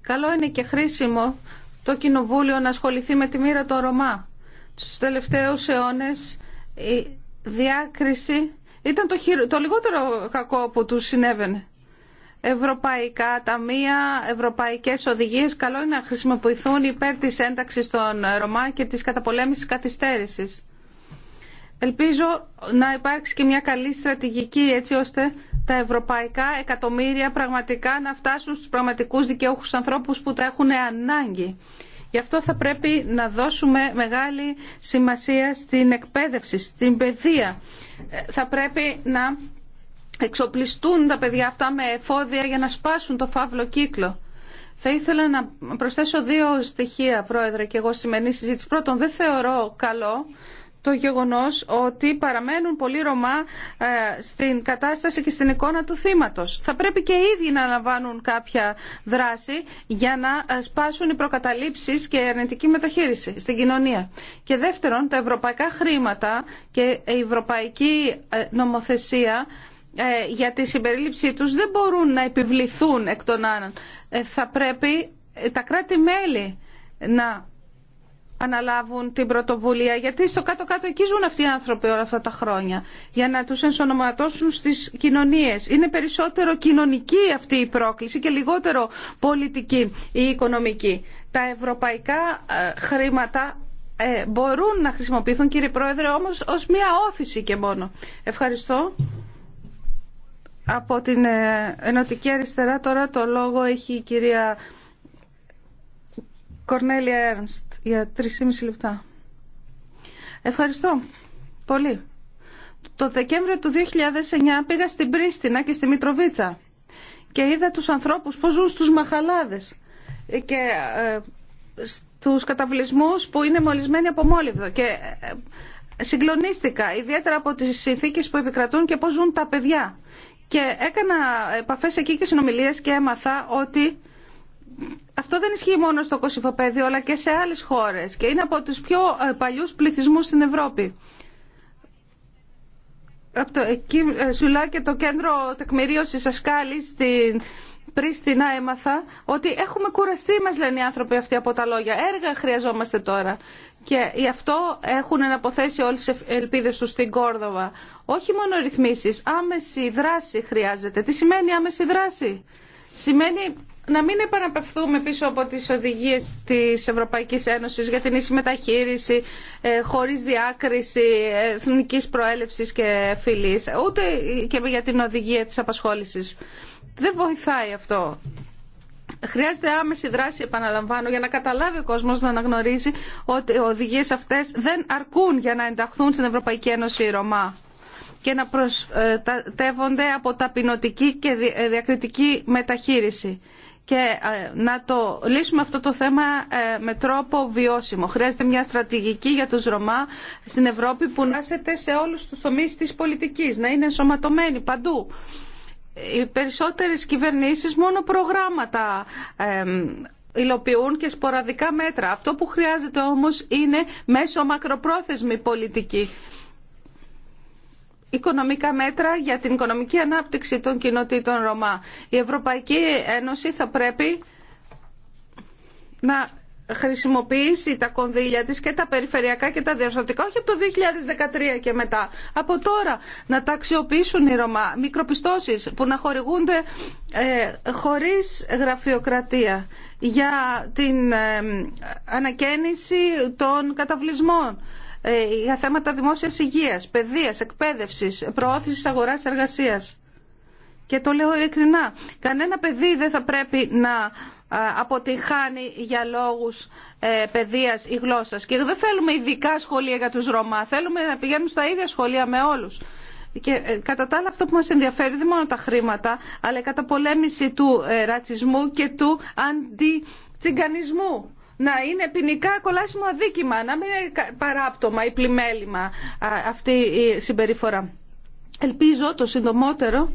καλό είναι και χρήσιμο το Κοινοβούλιο να ασχοληθεί με τη μοίρα των Ρωμά. Στους τελευταίους αιώνες η διάκριση ήταν το, το λιγότερο κακό που του συνέβαινε. Ευρωπαϊκά ταμεία, ευρωπαϊκές οδηγίες, καλό είναι να χρησιμοποιηθούν υπέρ τη ένταξη των Ρωμά και της καταπολέμησης καθυστέρηση. Ελπίζω να υπάρξει και μια καλή στρατηγική έτσι ώστε τα ευρωπαϊκά εκατομμύρια πραγματικά να φτάσουν στους πραγματικούς δικαιούχους ανθρώπους που τα έχουν ανάγκη. Γι' αυτό θα πρέπει να δώσουμε μεγάλη σημασία στην εκπαίδευση, στην παιδεία. Ε, θα πρέπει να εξοπλιστούν τα παιδιά αυτά με εφόδια για να σπάσουν το φαύλο κύκλο. Θα ήθελα να προσθέσω δύο στοιχεία, Πρόεδρε, και εγώ σημερινή συζήτηση. Πρώτον, δεν θεωρώ καλό το γεγονός ότι παραμένουν πολλοί Ρωμά ε, στην κατάσταση και στην εικόνα του θύματος. Θα πρέπει και οι ίδιοι να αναβάνουν κάποια δράση για να ε, σπάσουν οι προκαταλήψεις και η αρνητική μεταχείριση στην κοινωνία. Και δεύτερον, τα ευρωπαϊκά χρήματα και η ευρωπαϊκή ε, νομοθεσία για τη συμπερίληψή τους δεν μπορούν να επιβληθούν εκ των άλλων. Θα πρέπει τα κράτη-μέλη να αναλάβουν την πρωτοβουλία, γιατί στο κάτω-κάτω εκεί ζουν αυτοί οι άνθρωποι όλα αυτά τα χρόνια, για να του ενσωματώσουν στις κοινωνίες. Είναι περισσότερο κοινωνική αυτή η πρόκληση και λιγότερο πολιτική ή οικονομική. Τα ευρωπαϊκά ε, χρήματα ε, μπορούν να χρησιμοποιηθούν, κύριε Πρόεδρε, όμως ως μία όθηση και μόνο. Ευχαριστώ. Από την ε, Ενωτική Αριστερά τώρα το λόγο έχει η κυρία Κορνέλια Έρνστ για 3,5 λεπτά. Ευχαριστώ πολύ. Το Δεκέμβριο του 2009 πήγα στην Πρίστινα και στη Μητροβίτσα και είδα τους ανθρώπους πώς ζουν στους μαχαλάδες και ε, στους καταβλισμούς που είναι μολυσμένοι από μόλιβδο. και ε, συγκλονίστηκα ιδιαίτερα από τις συνθήκες που επικρατούν και πώς ζουν τα παιδιά. Και έκανα επαφές εκεί και συνομιλίες και έμαθα ότι αυτό δεν ισχύει μόνο στο Κωσυφοπέδιο αλλά και σε άλλες χώρες και είναι από τους πιο ε, παλιούς πληθυσμούς στην Ευρώπη. Από το εκεί, ε, Σουλά και το κέντρο τεκμηρίωσης Ασκάλης στην Πρίστινα έμαθα ότι έχουμε κουραστεί μας λένε οι άνθρωποι αυτοί από τα λόγια. Έργα χρειαζόμαστε τώρα. Και γι' αυτό έχουν αναποθέσει όλες τις ελπίδες τους στην Κόρδοβα. Όχι μόνο ρυθμίσεις, άμεση δράση χρειάζεται. Τι σημαίνει άμεση δράση. Σημαίνει να μην επαναπευθούμε πίσω από τις οδηγίες της Ευρωπαϊκής Ένωσης για την ίση μεταχείριση ε, χωρίς διάκριση εθνικής προέλευσης και φυλής, ούτε και για την οδηγία της απασχόλησης. Δεν βοηθάει αυτό. Χρειάζεται άμεση δράση, επαναλαμβάνω, για να καταλάβει ο κόσμος να αναγνωρίζει ότι οι οδηγίες αυτές δεν αρκούν για να ενταχθούν στην Ευρωπαϊκή Ένωση οι Ρωμά και να προστατεύονται από ταπεινωτική και διακριτική μεταχείριση και ε, να το λύσουμε αυτό το θέμα ε, με τρόπο βιώσιμο. Χρειάζεται μια στρατηγική για τους Ρωμά στην Ευρώπη που να σέτε σε όλους τους τομείς της πολιτικής, να είναι ενσωματωμένοι παντού. Οι περισσότερες κυβερνήσεις μόνο προγράμματα υλοποιούν και σποραδικά μέτρα. Αυτό που χρειάζεται όμως είναι μέσω μακροπρόθεσμη πολιτική οικονομικά μέτρα για την οικονομική ανάπτυξη των κοινοτήτων Ρωμά. Η Ευρωπαϊκή Ένωση θα πρέπει να χρησιμοποιήσει τα κονδύλια της και τα περιφερειακά και τα διορθωτικά, όχι από το 2013 και μετά. Από τώρα να τα αξιοποιήσουν οι Ρωμά, μικροπιστώσεις που να χορηγούνται ε, χωρίς γραφειοκρατία για την ε, ανακαίνιση των καταβλισμών ε, για θέματα δημόσιας υγείας, παιδείας, εκπαίδευσης, προώθησης αγοράς εργασίας. Και το λέω ειλικρινά, κανένα παιδί δεν θα πρέπει να ε, αποτυγχάνει για λόγους ε, παιδείας ή γλώσσας. Και δεν θέλουμε ειδικά σχολεία για τους Ρωμά, θέλουμε να πηγαίνουν στα ίδια σχολεία με όλους. Και κατά τα άλλα αυτό που μας ενδιαφέρει δεν μόνο τα χρήματα, αλλά η καταπολέμηση του ρατσισμού και του αντιτσιγκανισμού να είναι ποινικά κολάσιμο αδίκημα, να μην είναι παράπτωμα ή πλημέλημα αυτή η συμπεριφορά. Ελπίζω το συντομότερο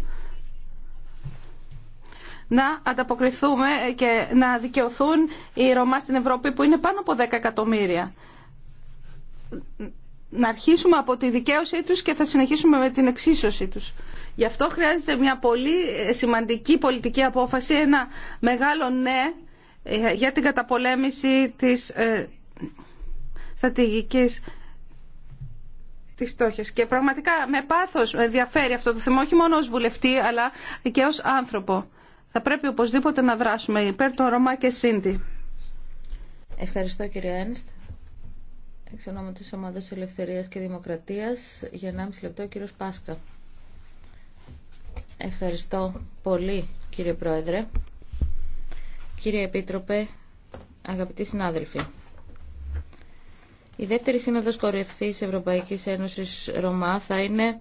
να ανταποκριθούμε και να δικαιωθούν οι Ρωμά στην Ευρώπη που είναι πάνω από 10 εκατομμύρια. Να αρχίσουμε από τη δικαίωσή τους και θα συνεχίσουμε με την εξίσωσή τους. Γι' αυτό χρειάζεται μια πολύ σημαντική πολιτική απόφαση, ένα μεγάλο ναι ε, για την καταπολέμηση της ε, στρατηγικής της στόχης. Και πραγματικά με πάθος με ενδιαφέρει αυτό το θέμα, όχι μόνο ως βουλευτή, αλλά και ως άνθρωπο. Θα πρέπει οπωσδήποτε να δράσουμε υπέρ των Ρωμά και Σίντι. Ευχαριστώ κύριε Ένστ. Εξ ονόματο της Ομάδα Ελευθερία και Δημοκρατίας. για μισή λεπτό ο κύριο Πάσκα. Ευχαριστώ πολύ κύριε Πρόεδρε κύριε Επίτροπε, αγαπητοί συνάδελφοι. Η δεύτερη σύνοδος κορυφής Ευρωπαϊκής Ένωσης Ρωμά θα είναι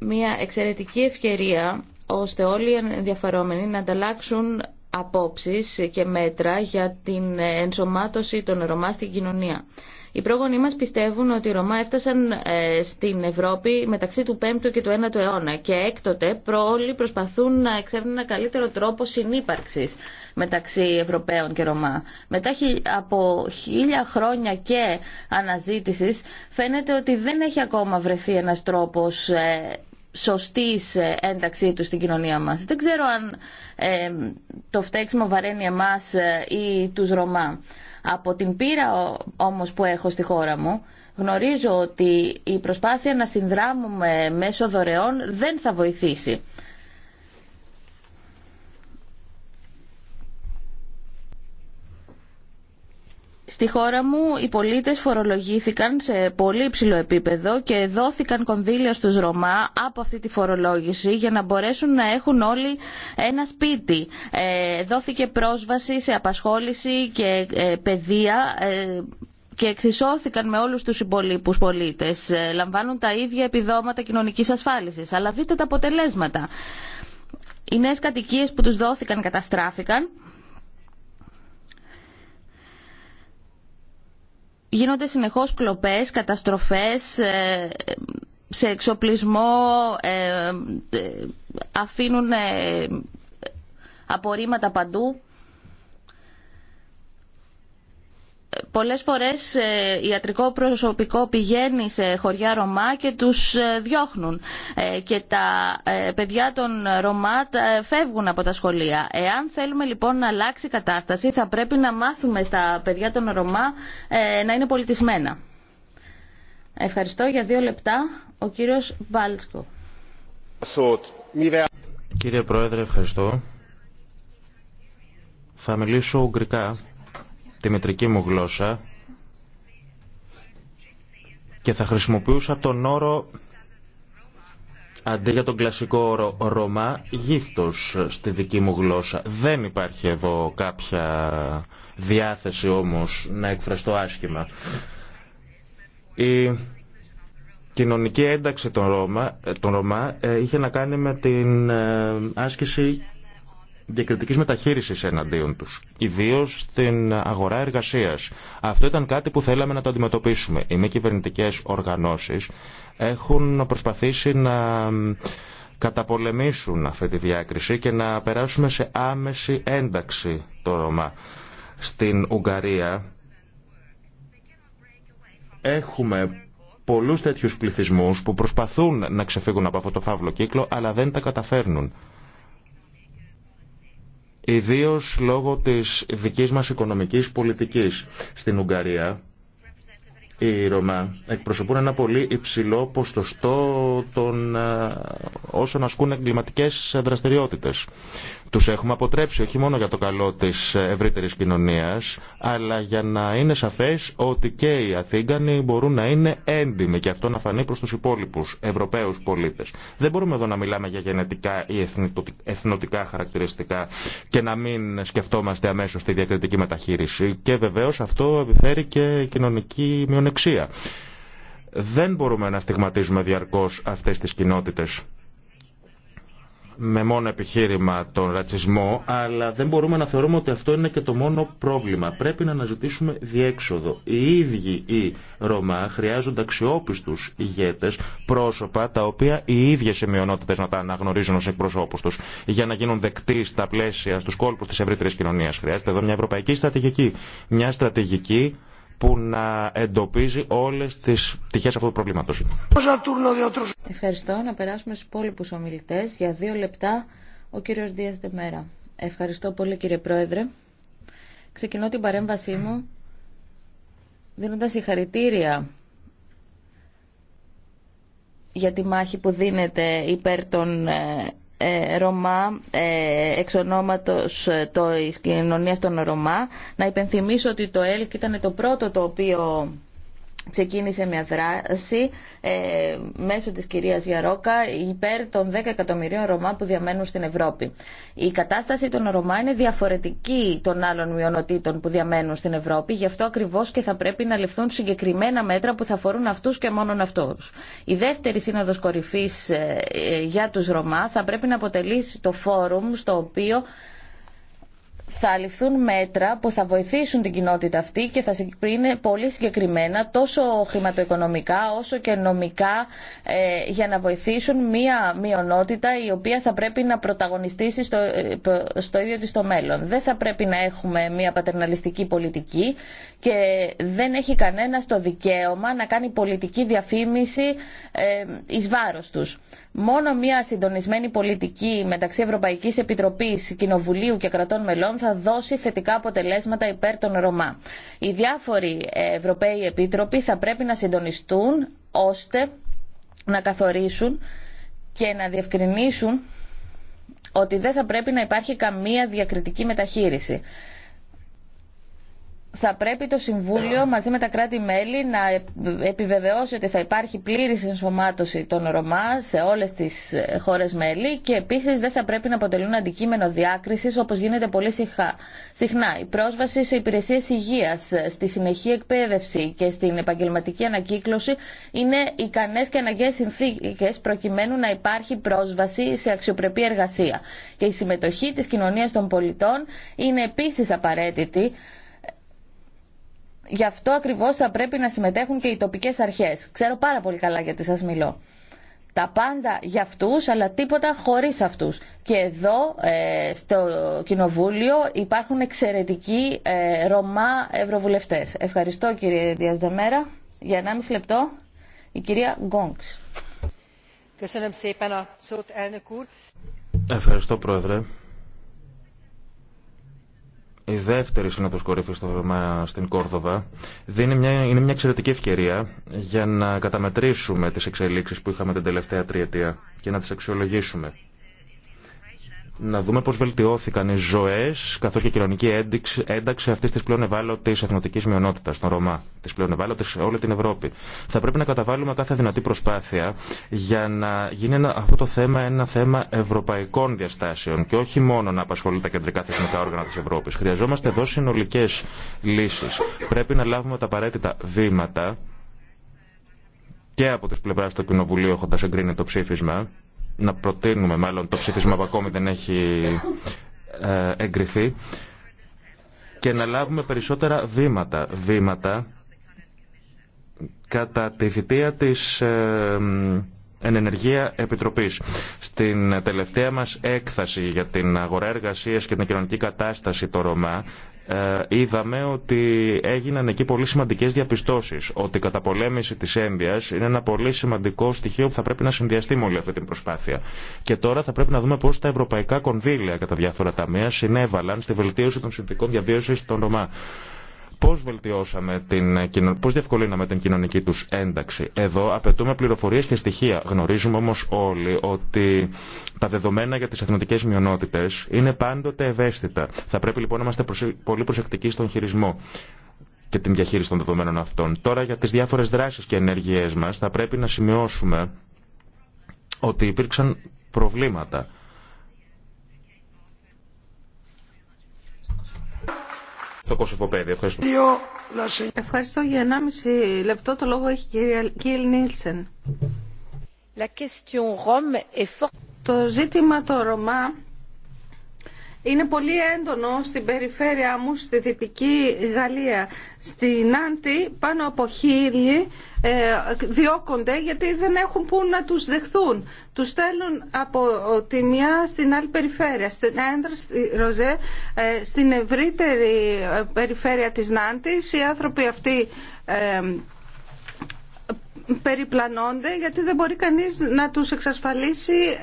μια εξαιρετική ευκαιρία ώστε όλοι οι ενδιαφερόμενοι να ανταλλάξουν απόψεις και μέτρα για την ενσωμάτωση των Ρωμά στην κοινωνία. Οι πρόγονοι μας πιστεύουν ότι οι Ρωμά έφτασαν ε, στην Ευρώπη μεταξύ του 5ου και του 1 ου αιώνα και έκτοτε όλοι προσπαθούν να εξεύρουν ένα καλύτερο τρόπο συνύπαρξης μεταξύ Ευρωπαίων και Ρωμά. Μετά από χίλια χρόνια και αναζήτησης φαίνεται ότι δεν έχει ακόμα βρεθεί ένας τρόπος ε, σωστής ε, ένταξή του στην κοινωνία μας. Δεν ξέρω αν ε, το φταίξιμο βαραίνει εμάς ή τους Ρωμά. Από την πείρα όμως που έχω στη χώρα μου, γνωρίζω ότι η προσπάθεια να συνδράμουμε μέσω δωρεών δεν θα βοηθήσει. Στη χώρα μου οι πολίτες φορολογήθηκαν σε πολύ υψηλό επίπεδο και δόθηκαν κονδύλια στους Ρωμά από αυτή τη φορολόγηση για να μπορέσουν να έχουν όλοι ένα σπίτι. Ε, δόθηκε πρόσβαση σε απασχόληση και ε, παιδεία ε, και εξισώθηκαν με όλους τους υπολείπους πολίτες. Λαμβάνουν τα ίδια επιδόματα κοινωνικής ασφάλισης. Αλλά δείτε τα αποτελέσματα. Οι νέες κατοικίες που τους δόθηκαν καταστράφηκαν γίνονται συνεχώς κλοπές, καταστροφές, ε, σε εξοπλισμό ε, ε, αφήνουν απορρίμματα παντού. Πολλές φορές ε, ιατρικό προσωπικό πηγαίνει σε χωριά Ρωμά και τους ε, διώχνουν ε, και τα παιδιά των Ρωμά φεύγουν από τα σχολεία. Εάν θέλουμε λοιπόν να αλλάξει η κατάσταση θα πρέπει να μάθουμε στα παιδιά των Ρωμά να είναι πολιτισμένα. Ευχαριστώ για δύο λεπτά. Ο κύριος Μπάλτσκο. Κύριε Πρόεδρε, ευχαριστώ. Θα μιλήσω ουγγρικά τη μετρική μου γλώσσα και θα χρησιμοποιούσα τον όρο αντί για τον κλασικό όρο Ρωμά, γύφτος στη δική μου γλώσσα. Δεν υπάρχει εδώ κάποια διάθεση όμως να εκφραστώ άσχημα. Η κοινωνική ένταξη των Ρωμά, ε, των Ρωμά ε, είχε να κάνει με την ε, άσκηση διακριτικής μεταχείρισης εναντίον τους, ιδίως στην αγορά εργασίας. Αυτό ήταν κάτι που θέλαμε να το αντιμετωπίσουμε. Οι μη κυβερνητικέ οργανώσεις έχουν προσπαθήσει να καταπολεμήσουν αυτή τη διάκριση και να περάσουμε σε άμεση ένταξη το Ρωμά. Στην Ουγγαρία έχουμε πολλούς τέτοιους πληθυσμούς που προσπαθούν να ξεφύγουν από αυτό το φαύλο κύκλο αλλά δεν τα καταφέρνουν ιδίω λόγω της δικής μας οικονομικής πολιτικής στην Ουγγαρία. Οι Ρωμά εκπροσωπούν ένα πολύ υψηλό ποσοστό των ε, όσων ασκούν εγκληματικές δραστηριότητες. Τους έχουμε αποτρέψει όχι μόνο για το καλό της ευρύτερης κοινωνίας, αλλά για να είναι σαφές ότι και οι Αθήγανοι μπορούν να είναι έντιμοι και αυτό να φανεί προς τους υπόλοιπους Ευρωπαίους πολίτες. Δεν μπορούμε εδώ να μιλάμε για γενετικά ή εθνοτικά χαρακτηριστικά και να μην σκεφτόμαστε αμέσως τη διακριτική μεταχείριση. Και βεβαίως αυτό επιφέρει και κοινωνική μειονεξία. Δεν μπορούμε να στιγματίζουμε διαρκώς αυτές τις κοινότητες με μόνο επιχείρημα τον ρατσισμό, αλλά δεν μπορούμε να θεωρούμε ότι αυτό είναι και το μόνο πρόβλημα. Πρέπει να αναζητήσουμε διέξοδο. Οι ίδιοι οι Ρωμά χρειάζονται αξιόπιστου ηγέτε, πρόσωπα τα οποία οι ίδιε οι μειονότητε να τα αναγνωρίζουν ω εκπροσώπου του, για να γίνουν δεκτοί στα πλαίσια, στου κόλπου τη ευρύτερη κοινωνία. Χρειάζεται εδώ μια ευρωπαϊκή στρατηγική. Μια στρατηγική που να εντοπίζει όλες τις πτυχέ αυτού του προβλήματο. Ευχαριστώ. Να περάσουμε στου υπόλοιπου ομιλητές. Για δύο λεπτά ο κύριος Δίας Δεμέρα. Ευχαριστώ πολύ κύριε Πρόεδρε. Ξεκινώ την παρέμβασή μου δίνοντας συγχαρητήρια για τη μάχη που δίνεται υπέρ των ε, ε, Ρωμά ε, εξ ονόματος ε, της κοινωνίας των Ρωμά. Να υπενθυμίσω ότι το ΕΛΚ ήταν το πρώτο το οποίο ξεκίνησε μια δράση ε, μέσω της κυρίας Γιαρόκα υπέρ των 10 εκατομμυρίων Ρωμά που διαμένουν στην Ευρώπη. Η κατάσταση των Ρωμά είναι διαφορετική των άλλων μειονοτήτων που διαμένουν στην Ευρώπη, γι' αυτό ακριβώς και θα πρέπει να λεφθούν συγκεκριμένα μέτρα που θα αφορούν αυτούς και μόνον αυτούς. Η δεύτερη σύνοδος κορυφής ε, για τους Ρωμά θα πρέπει να αποτελεί το φόρουμ στο οποίο θα ληφθούν μέτρα που θα βοηθήσουν την κοινότητα αυτή και θα είναι πολύ συγκεκριμένα τόσο χρηματοοικονομικά όσο και νομικά ε, για να βοηθήσουν μία μειονότητα η οποία θα πρέπει να πρωταγωνιστήσει στο, ε, στο ίδιο της το μέλλον. Δεν θα πρέπει να έχουμε μία πατερναλιστική πολιτική και δεν έχει κανένα το δικαίωμα να κάνει πολιτική διαφήμιση ε, εις βάρος τους. Μόνο μια συντονισμένη πολιτική μεταξύ Ευρωπαϊκής Επιτροπής, Κοινοβουλίου και κρατών μελών θα δώσει θετικά αποτελέσματα υπέρ των Ρωμά. Οι διάφοροι ε, Ευρωπαίοι Επίτροποι θα πρέπει να συντονιστούν ώστε να καθορίσουν και να διευκρινίσουν ότι δεν θα πρέπει να υπάρχει καμία διακριτική μεταχείριση θα πρέπει το Συμβούλιο μαζί με τα κράτη-μέλη να επιβεβαιώσει ότι θα υπάρχει πλήρη ενσωμάτωση των Ρωμά σε όλε τι ε, χώρε μέλη και επίση δεν θα πρέπει να αποτελούν αντικείμενο διάκριση όπω γίνεται πολύ συχνά. Η πρόσβαση σε υπηρεσίες υγεία ε, στη συνεχή εκπαίδευση και στην επαγγελματική ανακύκλωση είναι ικανέ και αναγκαίε συνθήκε προκειμένου να υπάρχει πρόσβαση σε αξιοπρεπή εργασία. Και η συμμετοχή τη κοινωνία των πολιτών είναι επίση απαραίτητη γι' αυτό ακριβώς θα πρέπει να συμμετέχουν και οι τοπικές αρχές. Ξέρω πάρα πολύ καλά γιατί σα μιλώ. Τα πάντα για αυτού, αλλά τίποτα χωρίς αυτού. Και εδώ ε, στο Κοινοβούλιο υπάρχουν εξαιρετικοί ε, Ρωμά Ευρωβουλευτές. Ευχαριστώ κύριε Διασδεμέρα. Για 1,5 λεπτό η κυρία Γκόγκ. Ευχαριστώ πρόεδρε η δεύτερη σύνοδο κορυφή στην Κόρδοβα δίνει μια, είναι μια εξαιρετική ευκαιρία για να καταμετρήσουμε τι εξελίξει που είχαμε την τελευταία τριετία και να τι αξιολογήσουμε να δούμε πώ βελτιώθηκαν οι ζωέ, καθώ και η κοινωνική ένταξη, αυτή τη πλέον ευάλωτη εθνοτική μειονότητα, στον Ρωμά, τη πλέον ευάλωτη σε όλη την Ευρώπη. Θα πρέπει να καταβάλουμε κάθε δυνατή προσπάθεια για να γίνει ένα, αυτό το θέμα ένα θέμα ευρωπαϊκών διαστάσεων και όχι μόνο να απασχολεί τα κεντρικά θεσμικά όργανα τη Ευρώπη. Χρειαζόμαστε εδώ συνολικέ λύσει. Πρέπει να λάβουμε τα απαραίτητα βήματα και από τις πλευράς του Κοινοβουλίου έχοντας εγκρίνει το ψήφισμα να προτείνουμε μάλλον το ψήφισμα που ακόμη δεν έχει ε, εγκριθεί και να λάβουμε περισσότερα βήματα. Βήματα κατά τη θητεία της ε, Ενεργεία Επιτροπής. Στην τελευταία μας έκθαση για την αγορά εργασίας και την κοινωνική κατάσταση το Ρωμά ε, είδαμε ότι έγιναν εκεί πολύ σημαντικέ διαπιστώσεις ότι η καταπολέμηση της ένδυα είναι ένα πολύ σημαντικό στοιχείο που θα πρέπει να συνδυαστεί με όλη αυτή την προσπάθεια. Και τώρα θα πρέπει να δούμε πώς τα ευρωπαϊκά κονδύλια κατά διάφορα ταμεία συνέβαλαν στη βελτίωση των συνθηκών διαβίωσης των Ρωμά πώς βελτιώσαμε την, ε, πώς διευκολύναμε την κοινωνική τους ένταξη. Εδώ απαιτούμε πληροφορίες και στοιχεία. Γνωρίζουμε όμως όλοι ότι τα δεδομένα για τις εθνοτικές μειονότητες είναι πάντοτε ευαίσθητα. Θα πρέπει λοιπόν να είμαστε πολύ προσεκτικοί στον χειρισμό και την διαχείριση των δεδομένων αυτών. Τώρα για τις διάφορες δράσεις και ενέργειές μας θα πρέπει να σημειώσουμε ότι υπήρξαν προβλήματα το Ευχαριστώ. Ευχαριστώ για 1,5 λεπτό. Το λόγο έχει η κυρία Κιλ Νίλσεν. Το ζήτημα το Ρωμά είναι πολύ έντονο στην περιφέρειά μου, στη Δυτική Γαλλία. Στην Άντι πάνω από χίλιοι ε, διώκονται γιατί δεν έχουν που να τους δεχθούν. Τους στέλνουν από τη μια στην άλλη περιφέρεια, στην Έντρα, στη Ροζέ, ε, στην ευρύτερη ε, περιφέρεια της Νάντης. Οι άνθρωποι αυτοί περιπλανώνται γιατί δεν μπορεί κανείς να τους εξασφαλίσει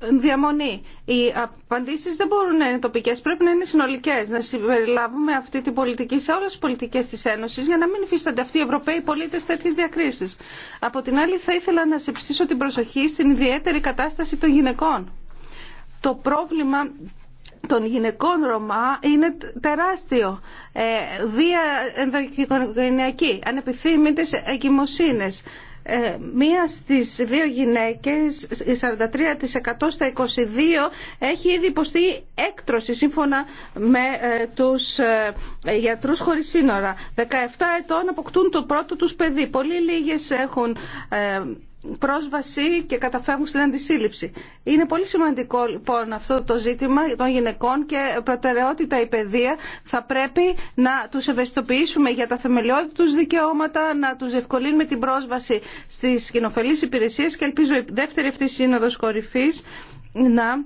διαμονή. Οι απαντήσει δεν μπορούν να είναι τοπικέ, πρέπει να είναι συνολικέ Να συμπεριλάβουμε αυτή την πολιτική σε όλε τι πολιτικέ τη Ένωση για να μην υφίστανται αυτοί οι Ευρωπαίοι πολίτε τέτοιε διακρίσει. Από την άλλη θα ήθελα να σε ψήσω την προσοχή στην ιδιαίτερη κατάσταση των γυναικών. Το πρόβλημα των γυναικών Ρωμά είναι τεράστιο. Ε, βία ενδοοικογενειακή, ανεπιθύμητες εγκυμοσύνες, ε, μία στις δύο γυναίκες, 43% στα 22, έχει ήδη υποστεί έκτρωση σύμφωνα με ε, τους ε, γιατρούς χωρίς σύνορα. 17 ετών αποκτούν το πρώτο τους παιδί. Πολύ λίγες έχουν ε, πρόσβαση και καταφεύγουν στην αντισύλληψη. Είναι πολύ σημαντικό λοιπόν αυτό το ζήτημα των γυναικών και προτεραιότητα η παιδεία θα πρέπει να τους ευαισθητοποιήσουμε για τα θεμελιώδη τους δικαιώματα, να τους ευκολύνουμε την πρόσβαση στις κοινοφελείς υπηρεσίες και ελπίζω η δεύτερη αυτή σύνοδος κορυφής να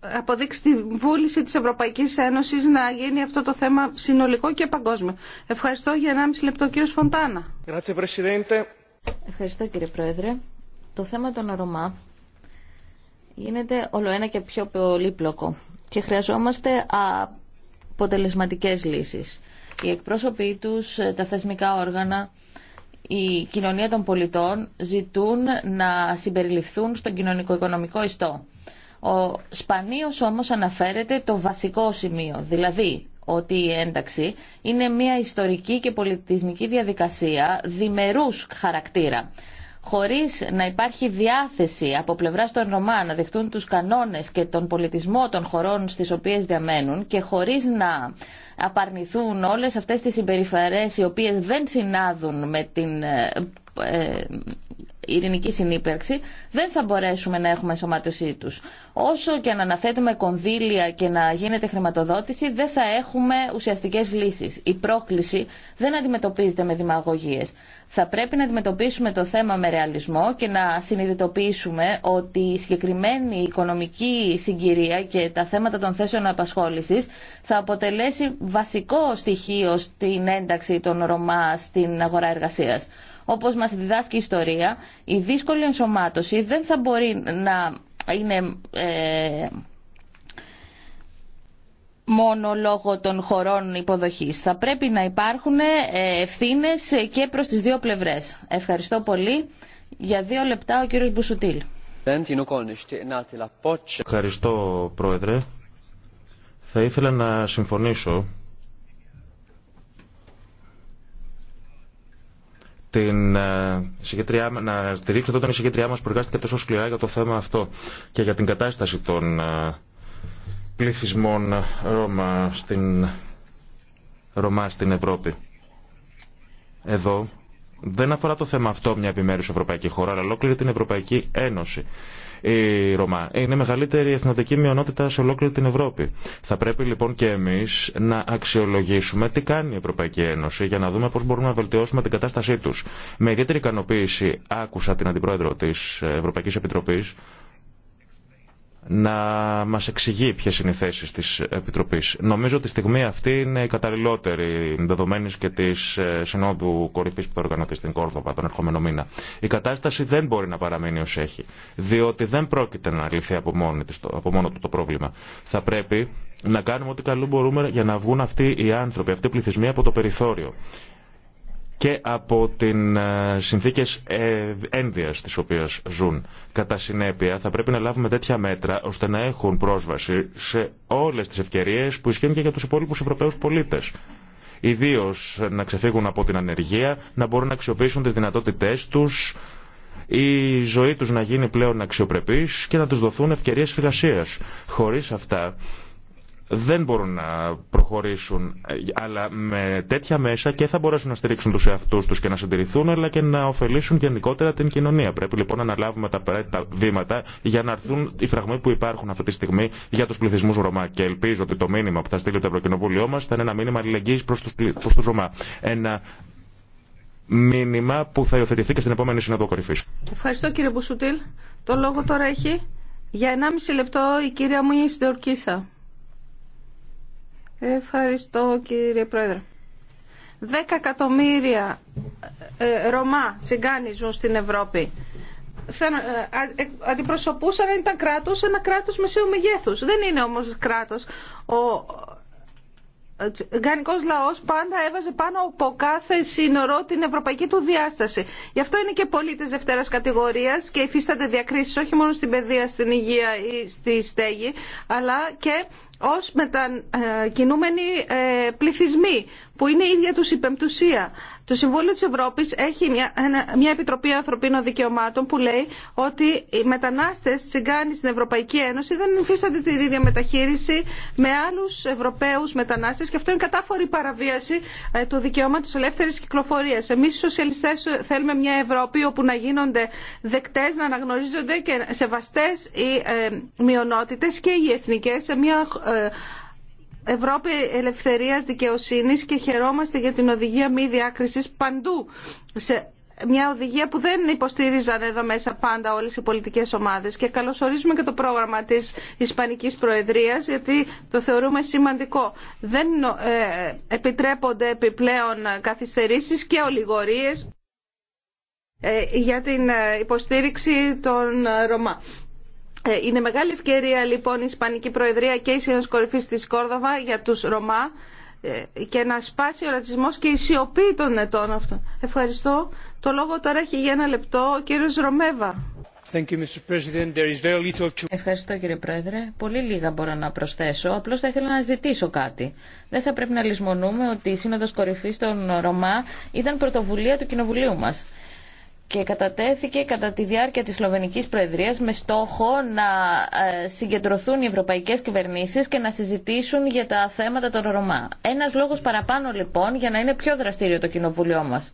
αποδείξει τη βούληση της Ευρωπαϊκής Ένωσης να γίνει αυτό το θέμα συνολικό και παγκόσμιο. Ευχαριστώ για 1,5 λεπτό κύριος Φοντάνα. Grazie, Ευχαριστώ κύριε Πρόεδρε. Το θέμα των αρωμά γίνεται ένα και πιο πολύπλοκο και χρειαζόμαστε αποτελεσματικές λύσεις. Οι εκπρόσωποι τους, τα θεσμικά όργανα, η κοινωνία των πολιτών ζητούν να συμπεριληφθούν στον κοινωνικο-οικονομικό ιστό. Ο Σπανίος όμως αναφέρεται το βασικό σημείο, δηλαδή ότι η ένταξη είναι μια ιστορική και πολιτισμική διαδικασία διμερούς χαρακτήρα. Χωρίς να υπάρχει διάθεση από πλευράς των Ρωμά να δεχτούν τους κανόνες και τον πολιτισμό των χωρών στις οποίες διαμένουν και χωρίς να απαρνηθούν όλες αυτές τις συμπεριφορές οι οποίες δεν συνάδουν με την ε, ε, ειρηνική συνύπαρξη, δεν θα μπορέσουμε να έχουμε ενσωμάτωσή του. Όσο και να αναθέτουμε κονδύλια και να γίνεται χρηματοδότηση, δεν θα έχουμε ουσιαστικές λύσεις. Η πρόκληση δεν αντιμετωπίζεται με δημαγωγίες. Θα πρέπει να αντιμετωπίσουμε το θέμα με ρεαλισμό και να συνειδητοποιήσουμε ότι η συγκεκριμένη οικονομική συγκυρία και τα θέματα των θέσεων απασχόλησης θα αποτελέσει βασικό στοιχείο στην ένταξη των Ρωμά στην αγορά εργασίας. Όπως μας διδάσκει η ιστορία, η δύσκολη ενσωμάτωση δεν θα μπορεί να είναι... Ε, μόνο λόγω των χωρών υποδοχής. Θα πρέπει να υπάρχουν ε, ευθύνε και προς τις δύο πλευρές. Ευχαριστώ πολύ. Για δύο λεπτά ο κύριος Μπουσουτήλ. Ευχαριστώ Πρόεδρε. Θα ήθελα να συμφωνήσω την ε, να στηρίξω εδώ την συγκεντριά μας που εργάστηκε τόσο σκληρά για το θέμα αυτό και για την κατάσταση των ε, πληθυσμών ε, Ρώμα στην, Ρωμά στην Ευρώπη. Εδώ δεν αφορά το θέμα αυτό μια επιμέρους ευρωπαϊκή χώρα, αλλά ολόκληρη την Ευρωπαϊκή Ένωση. Η Ρωμά είναι μεγαλύτερη εθνοτική μειονότητα σε ολόκληρη την Ευρώπη. Θα πρέπει λοιπόν και εμεί να αξιολογήσουμε τι κάνει η Ευρωπαϊκή Ένωση για να δούμε πώ μπορούμε να βελτιώσουμε την κατάστασή του. Με ιδιαίτερη ικανοποίηση άκουσα την Αντιπρόεδρο τη Ευρωπαϊκή Επιτροπή να μας εξηγεί ποιες είναι οι θέσεις της Επιτροπής. Νομίζω ότι τη στιγμή αυτή είναι η καταλληλότερη δεδομένης και της ε, Συνόδου Κορυφής που θα οργανωθεί στην Κόρδοβα τον ερχόμενο μήνα. Η κατάσταση δεν μπορεί να παραμείνει ως έχει, διότι δεν πρόκειται να λυθεί από, μόνο του το πρόβλημα. Θα πρέπει να κάνουμε ό,τι καλού μπορούμε για να βγουν αυτοί οι άνθρωποι, αυτοί οι πληθυσμοί από το περιθώριο και από την ε, συνθήκε ε, ένδυας τις οποίες ζουν. Κατά συνέπεια θα πρέπει να λάβουμε τέτοια μέτρα ώστε να έχουν πρόσβαση σε όλες τις ευκαιρίες που ισχύουν και για τους υπόλοιπου Ευρωπαίους πολίτες. Ιδίω να ξεφύγουν από την ανεργία, να μπορούν να αξιοποιήσουν τις δυνατότητές τους, η ζωή τους να γίνει πλέον αξιοπρεπής και να τους δοθούν ευκαιρίες εργασία. Χωρίς αυτά δεν μπορούν να προχωρήσουν, αλλά με τέτοια μέσα και θα μπορέσουν να στηρίξουν τους εαυτούς τους και να συντηρηθούν, αλλά και να ωφελήσουν γενικότερα την κοινωνία. Πρέπει λοιπόν να αναλάβουμε τα απαραίτητα βήματα για να έρθουν οι φραγμοί που υπάρχουν αυτή τη στιγμή για τους πληθυσμούς Ρωμά. Και ελπίζω ότι το μήνυμα που θα στείλει το Ευρωκοινοβούλιο μας θα είναι ένα μήνυμα αλληλεγγύης προς τους, προς τους Ρωμά. Ένα μήνυμα που θα υιοθετηθεί και στην επόμενη Συνοδό Κορυφής. Ευχαριστώ κύριε Μπουσουτήλ. Το λόγο τώρα έχει για 1,5 λεπτό η κυρία μου η Ευχαριστώ κύριε Πρόεδρε. Δέκα εκατομμύρια ε, Ρωμά τσιγκάνοι ζουν στην Ευρώπη. Ε, ε, αντιπροσωπούσαν αν ήταν κράτος ένα κράτος μεσαίου μεγέθους. Δεν είναι όμως κράτος. Ο, Γκανικό λαό πάντα έβαζε πάνω από κάθε σύνορο την ευρωπαϊκή του διάσταση. Γι' αυτό είναι και πολίτε δευτέρα κατηγορία και υφίστανται διακρίσει όχι μόνο στην παιδεία, στην υγεία ή στη στέγη, αλλά και ως μετακινούμενοι ε, ε, πληθυσμοί που είναι η ίδια τους υπεμπτουσία το Συμβούλιο της Ευρώπης έχει μια, μια Επιτροπή Ανθρωπίνων Δικαιωμάτων που λέει ότι οι μετανάστες τσιγκάνοι στην Ευρωπαϊκή Ένωση δεν υφίστανται την ίδια μεταχείριση με άλλους Ευρωπαίους μετανάστες και αυτό είναι κατάφορη παραβίαση ε, του δικαιώματος ελεύθερης κυκλοφορίας. Εμείς οι σοσιαλιστές θέλουμε μια Ευρώπη όπου να γίνονται δεκτές, να αναγνωρίζονται και σεβαστές οι ε, μειονότητες και οι εθνικές σε μια ε, Ευρώπη ελευθερίας δικαιοσύνης και χαιρόμαστε για την οδηγία μη διάκρισης παντού. Σε μια οδηγία που δεν υποστήριζαν εδώ μέσα πάντα όλες οι πολιτικές ομάδες και καλωσορίζουμε και το πρόγραμμα της Ισπανικής Προεδρίας γιατί το θεωρούμε σημαντικό. Δεν ε, επιτρέπονται επιπλέον καθυστερήσεις και ολιγορίες ε, για την ε, υποστήριξη των Ρωμά. Ε, είναι μεγάλη ευκαιρία λοιπόν η Ισπανική Προεδρία και η Σύνοδος Κορυφής της Κόρδοβα για τους Ρωμά ε, και να σπάσει ο ρατσισμός και η σιωπή των ετών αυτών. Ευχαριστώ. Το λόγο τώρα έχει για ένα λεπτό ο κύριος Ρωμέβα. Thank you, Mr. President. There is very little... Ευχαριστώ κύριε Πρόεδρε. Πολύ λίγα μπορώ να προσθέσω. Απλώ θα ήθελα να ζητήσω κάτι. Δεν θα πρέπει να λησμονούμε ότι η Σύνοδο Κορυφή των Ρωμά ήταν πρωτοβουλία του Κοινοβουλίου μα και κατατέθηκε κατά τη διάρκεια της Σλοβενικής Προεδρίας με στόχο να ε, συγκεντρωθούν οι ευρωπαϊκές κυβερνήσεις και να συζητήσουν για τα θέματα των Ρωμά. Ένας λόγος παραπάνω λοιπόν για να είναι πιο δραστήριο το κοινοβούλιο μας.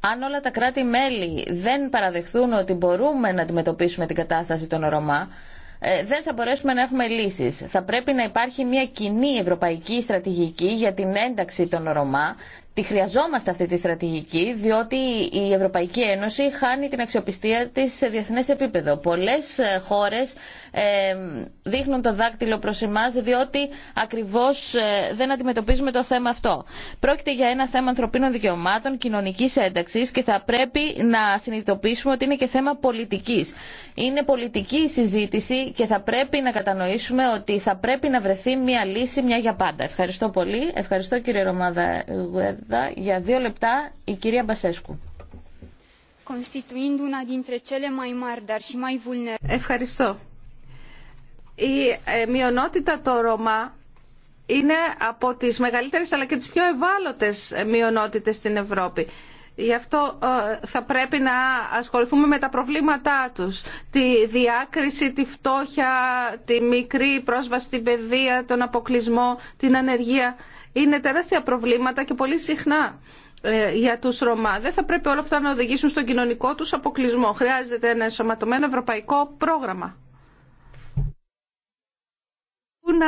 Αν όλα τα κράτη-μέλη δεν παραδεχθούν ότι μπορούμε να αντιμετωπίσουμε την κατάσταση των Ρωμά, ε, δεν θα μπορέσουμε να έχουμε λύσεις. Θα πρέπει να υπάρχει μια κοινή ευρωπαϊκή στρατηγική για την ένταξη των Ρωμά Τη χρειαζόμαστε αυτή τη στρατηγική, διότι η Ευρωπαϊκή Ένωση χάνει την αξιοπιστία της σε διεθνές επίπεδο. Πολλές ε, χώρες ε, δείχνουν το δάκτυλο προ εμάς, διότι ακριβώς ε, δεν αντιμετωπίζουμε το θέμα αυτό. Πρόκειται για ένα θέμα ανθρωπίνων δικαιωμάτων, κοινωνικής ένταξη και θα πρέπει να συνειδητοποιήσουμε ότι είναι και θέμα πολιτική. Είναι πολιτική η συζήτηση και θα πρέπει να κατανοήσουμε ότι θα πρέπει να βρεθεί μια λύση μια για πάντα. Ευχαριστώ πολύ. Ευχαριστώ κύριε Ρωμάδα Γουέδα. Για δύο λεπτά η κυρία Μπασέσκου. Ευχαριστώ. Η ε, μειονότητα το Ρωμά είναι από τις μεγαλύτερες αλλά και τις πιο ευάλωτες μειονότητες στην Ευρώπη. Γι' αυτό ε, θα πρέπει να ασχοληθούμε με τα προβλήματά τους. Τη διάκριση, τη φτώχεια, τη μικρή πρόσβαση στην παιδεία, τον αποκλεισμό, την ανεργία. Είναι τεράστια προβλήματα και πολύ συχνά ε, για τους Ρωμά. Δεν θα πρέπει όλα αυτά να οδηγήσουν στον κοινωνικό τους αποκλεισμό. Χρειάζεται ένα ενσωματωμένο ευρωπαϊκό πρόγραμμα που να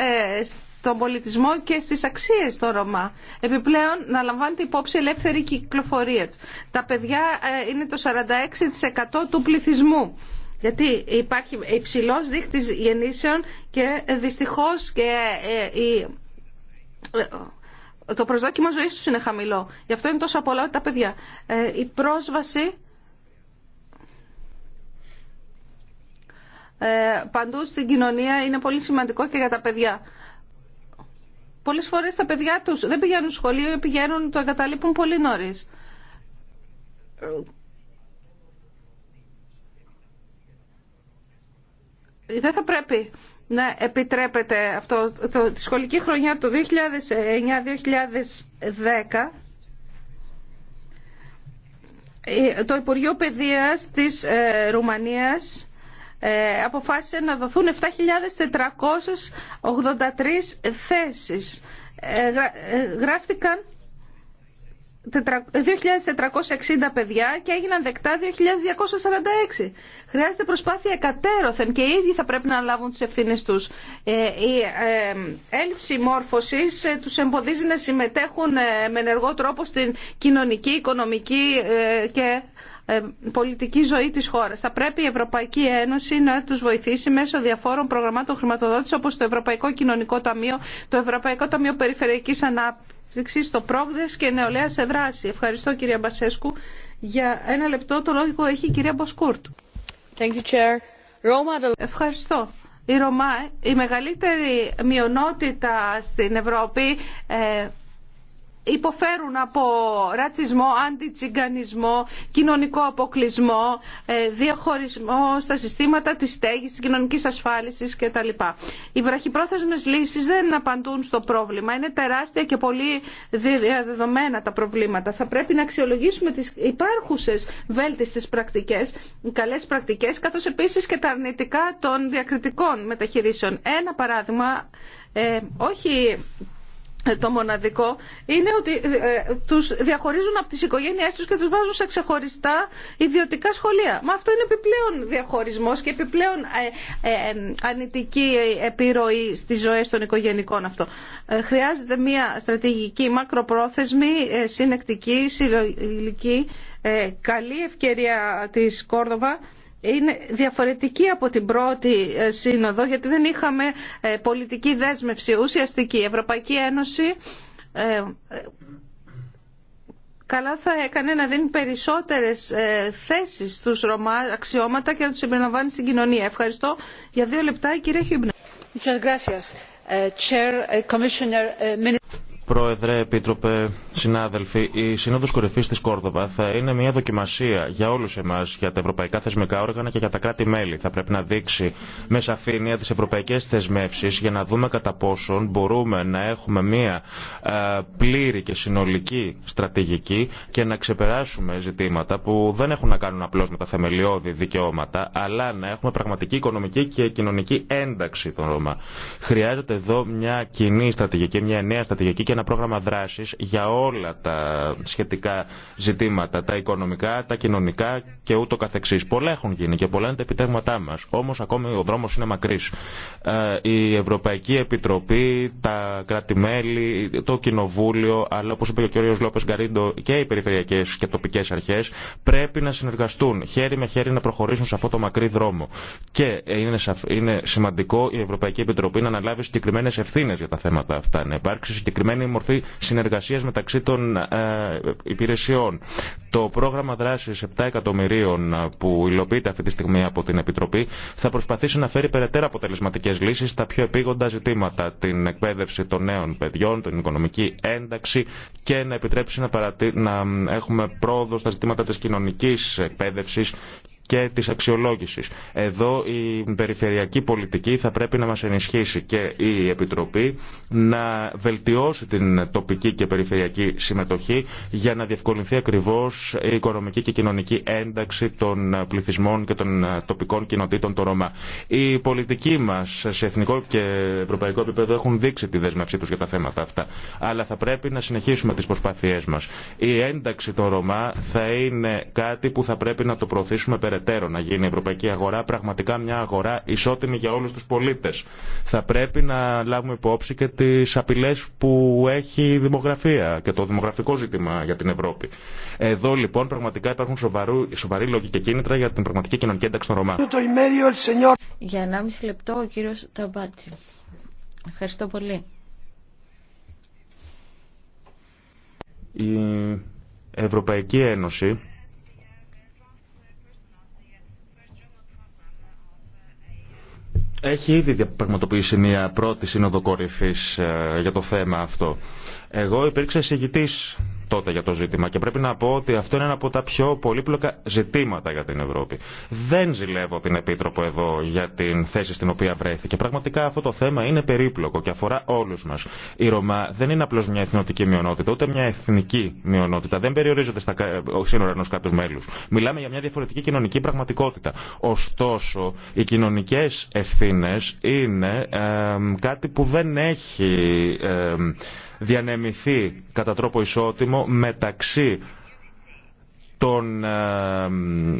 ε, στον πολιτισμό και στις αξίες των Ρωμά. Επιπλέον, να λαμβάνεται υπόψη ελεύθερη κυκλοφορία Τα παιδιά ε, είναι το 46% του πληθυσμού. Γιατί υπάρχει υψηλός δείχτης γεννήσεων και ε, δυστυχώς και ε, η... το προσδόκιμο ζωής τους είναι χαμηλό. Γι' αυτό είναι τόσο πολλά τα παιδιά. Η πρόσβαση παντού στην κοινωνία είναι πολύ σημαντικό και για τα παιδιά. Πολλέ φορές τα παιδιά τους δεν πηγαίνουν σχολείο ή πηγαίνουν, το εγκαταλείπουν πολύ νωρί. Δεν θα πρέπει να επιτρέπεται αυτό το, τη σχολική χρονιά το 2009-2010 ε, το Υπουργείο Παιδείας της ε, Ρουμανίας ε, αποφάσισε να δοθούν 7.483 θέσεις. Ε, ε, γράφτηκαν 2.460 παιδιά και έγιναν δεκτά 2.246. Χρειάζεται προσπάθεια κατέρωθεν και οι ίδιοι θα πρέπει να λάβουν τις ευθύνες τους. Η έλλειψη μόρφωσης τους εμποδίζει να συμμετέχουν με ενεργό τρόπο στην κοινωνική, οικονομική και ε, πολιτική ζωή της χώρας. Θα πρέπει η Ευρωπαϊκή Ένωση να τους βοηθήσει μέσω διαφόρων προγραμμάτων χρηματοδότηση όπως το Ευρωπαϊκό Κοινωνικό Ταμείο, το Ευρωπαϊκό Ταμείο Περιφερειακής Ανάπτυξης, το Πρόγδες και Νεολαία σε Δράση. Ευχαριστώ κυρία Μπασέσκου. Για ένα λεπτό το λόγο έχει η κυρία Μποσκούρτ. Thank you, Chair. Roma... Ευχαριστώ. Η Ρωμά, η μεγαλύτερη μειονότητα στην Ευρώπη, ε, υποφέρουν από ρατσισμό, αντιτσιγκανισμό, κοινωνικό αποκλεισμό, ε, διαχωρισμό στα συστήματα της στέγης, της κοινωνικής ασφάλισης κτλ. Οι βραχυπρόθεσμες λύσεις δεν απαντούν στο πρόβλημα. Είναι τεράστια και πολύ διαδεδομένα τα προβλήματα. Θα πρέπει να αξιολογήσουμε τις υπάρχουσες βέλτιστες πρακτικές, καλές πρακτικές, καθώς επίσης και τα αρνητικά των διακριτικών μεταχειρήσεων. Ένα παράδειγμα, ε, όχι το μοναδικό είναι ότι ε, τους διαχωρίζουν από τις οικογένειές τους και τους βάζουν σε ξεχωριστά ιδιωτικά σχολεία. Μα αυτό είναι επιπλέον διαχωρισμός και επιπλέον ε, ε, ανητική επιρροή στις ζωές των οικογενικών αυτό. Χρειάζεται μια στρατηγική μακροπρόθεσμη, συνεκτική, συλλογική, καλή ευκαιρία της Κόρδοβα είναι διαφορετική από την πρώτη ε, σύνοδο γιατί δεν είχαμε ε, πολιτική δέσμευση ουσιαστική. Η Ευρωπαϊκή Ένωση ε, καλά θα έκανε να δίνει περισσότερες θέσεις στους Ρωμά αξιώματα και να τους συμπεριλαμβάνει στην κοινωνία. Ευχαριστώ για δύο λεπτά η κυρία Χιούμπνα. Πρόεδρε, Επίτροπε, συνάδελφοι, η Σύνοδος Κορυφής της Κόρδοβα θα είναι μια δοκιμασία για όλους εμάς, για τα ευρωπαϊκά θεσμικά όργανα και για τα κράτη-μέλη. Θα πρέπει να δείξει με σαφήνεια τις ευρωπαϊκές θεσμεύσεις για να δούμε κατά πόσον μπορούμε να έχουμε μια ε, πλήρη και συνολική στρατηγική και να ξεπεράσουμε ζητήματα που δεν έχουν να κάνουν απλώς με τα θεμελιώδη δικαιώματα, αλλά να έχουμε πραγματική οικονομική και κοινωνική ένταξη των Ρώμα. Χρειάζεται εδώ μια κοινή στρατηγική, μια νέα στρατηγική ένα πρόγραμμα δράση για όλα τα σχετικά ζητήματα, τα οικονομικά, τα κοινωνικά και ούτω καθεξής. Πολλά έχουν γίνει και πολλά είναι τα επιτεύγματά μα. Όμω ακόμη ο δρόμο είναι μακρύ. Ε, η Ευρωπαϊκή Επιτροπή, τα κράτη-μέλη, το Κοινοβούλιο, αλλά όπω είπε και ο κ. Λόπε Γκαρίντο και οι περιφερειακέ και τοπικέ αρχέ πρέπει να συνεργαστούν χέρι με χέρι να προχωρήσουν σε αυτό το μακρύ δρόμο. Και είναι, είναι σημαντικό η Ευρωπαϊκή Επιτροπή να αναλάβει συγκεκριμένε ευθύνε για τα θέματα αυτά, να υπάρξει συγκεκριμένη η μορφή συνεργασίας μεταξύ των ε, υπηρεσιών. Το πρόγραμμα δράσης 7 εκατομμυρίων ε, που υλοποιείται αυτή τη στιγμή από την Επιτροπή θα προσπαθήσει να φέρει περαιτέρω αποτελεσματικές λύσεις στα πιο επίγοντα ζητήματα, την εκπαίδευση των νέων παιδιών, την οικονομική ένταξη και να επιτρέψει να, να έχουμε πρόοδο στα ζητήματα τη κοινωνική εκπαίδευση και τη αξιολόγηση. Εδώ η περιφερειακή πολιτική θα πρέπει να μα ενισχύσει και η Επιτροπή να βελτιώσει την τοπική και περιφερειακή συμμετοχή για να διευκολυνθεί ακριβώ η οικονομική και κοινωνική ένταξη των πληθυσμών και των τοπικών κοινοτήτων των Ρωμά. Η πολιτικοί μα, σε εθνικό και ευρωπαϊκό επίπεδο έχουν δείξει τη δέσμευσή του για τα θέματα αυτά. Αλλά θα πρέπει να συνεχίσουμε τι προσπάθειές μα. Η ένταξη των Ρωμά θα είναι κάτι που θα πρέπει να το προωθήσουμε περαιτέρω να γίνει η ευρωπαϊκή αγορά πραγματικά μια αγορά ισότιμη για όλους τους πολίτες. Θα πρέπει να λάβουμε υπόψη και τις απειλές που έχει η δημογραφία και το δημογραφικό ζήτημα για την Ευρώπη. Εδώ λοιπόν πραγματικά υπάρχουν σοβαρού, σοβαροί λόγοι και κίνητρα για την πραγματική κοινωνική ένταξη των Ρωμά. Για 1,5 λεπτό ο κύριος Ταμπάτσι. Ευχαριστώ πολύ. Η Ευρωπαϊκή Ένωση έχει ήδη πραγματοποιήσει μια πρώτη σύνοδο ε, για το θέμα αυτό. Εγώ υπήρξα εισηγητή τότε για το ζήτημα και πρέπει να πω ότι αυτό είναι ένα από τα πιο πολύπλοκα ζητήματα για την Ευρώπη. Δεν ζηλεύω την Επίτροπο εδώ για την θέση στην οποία βρέθηκε. Πραγματικά αυτό το θέμα είναι περίπλοκο και αφορά όλου μα. Η Ρωμά δεν είναι απλώ μια εθνική μειονότητα, ούτε μια εθνική μειονότητα. Δεν περιορίζονται στα σύνορα ενό κράτου μέλου. Μιλάμε για μια διαφορετική κοινωνική πραγματικότητα. Ωστόσο, οι κοινωνικέ ευθύνε είναι ε, κάτι που δεν έχει. Ε, διανεμηθεί κατά τρόπο ισότιμο μεταξύ των ε,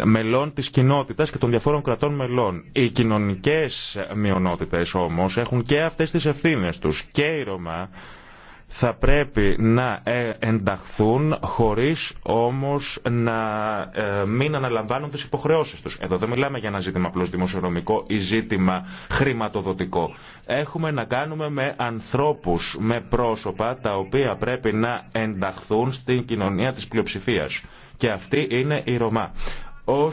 μελών της κοινότητας και των διαφόρων κρατών μελών. Οι κοινωνικές μειονότητες όμως έχουν και αυτές τις ευθύνες τους. Και οι Ρωμά θα πρέπει να ε, ενταχθούν χωρίς όμως να ε, μην αναλαμβάνουν τις υποχρεώσεις τους. Εδώ δεν μιλάμε για ένα ζήτημα απλώς δημοσιονομικό ή ζήτημα χρηματοδοτικό. Έχουμε να κάνουμε με ανθρώπους, με πρόσωπα τα οποία πρέπει να ενταχθούν στην κοινωνία της πλειοψηφίας. Και αυτή είναι η Ρωμά. Ω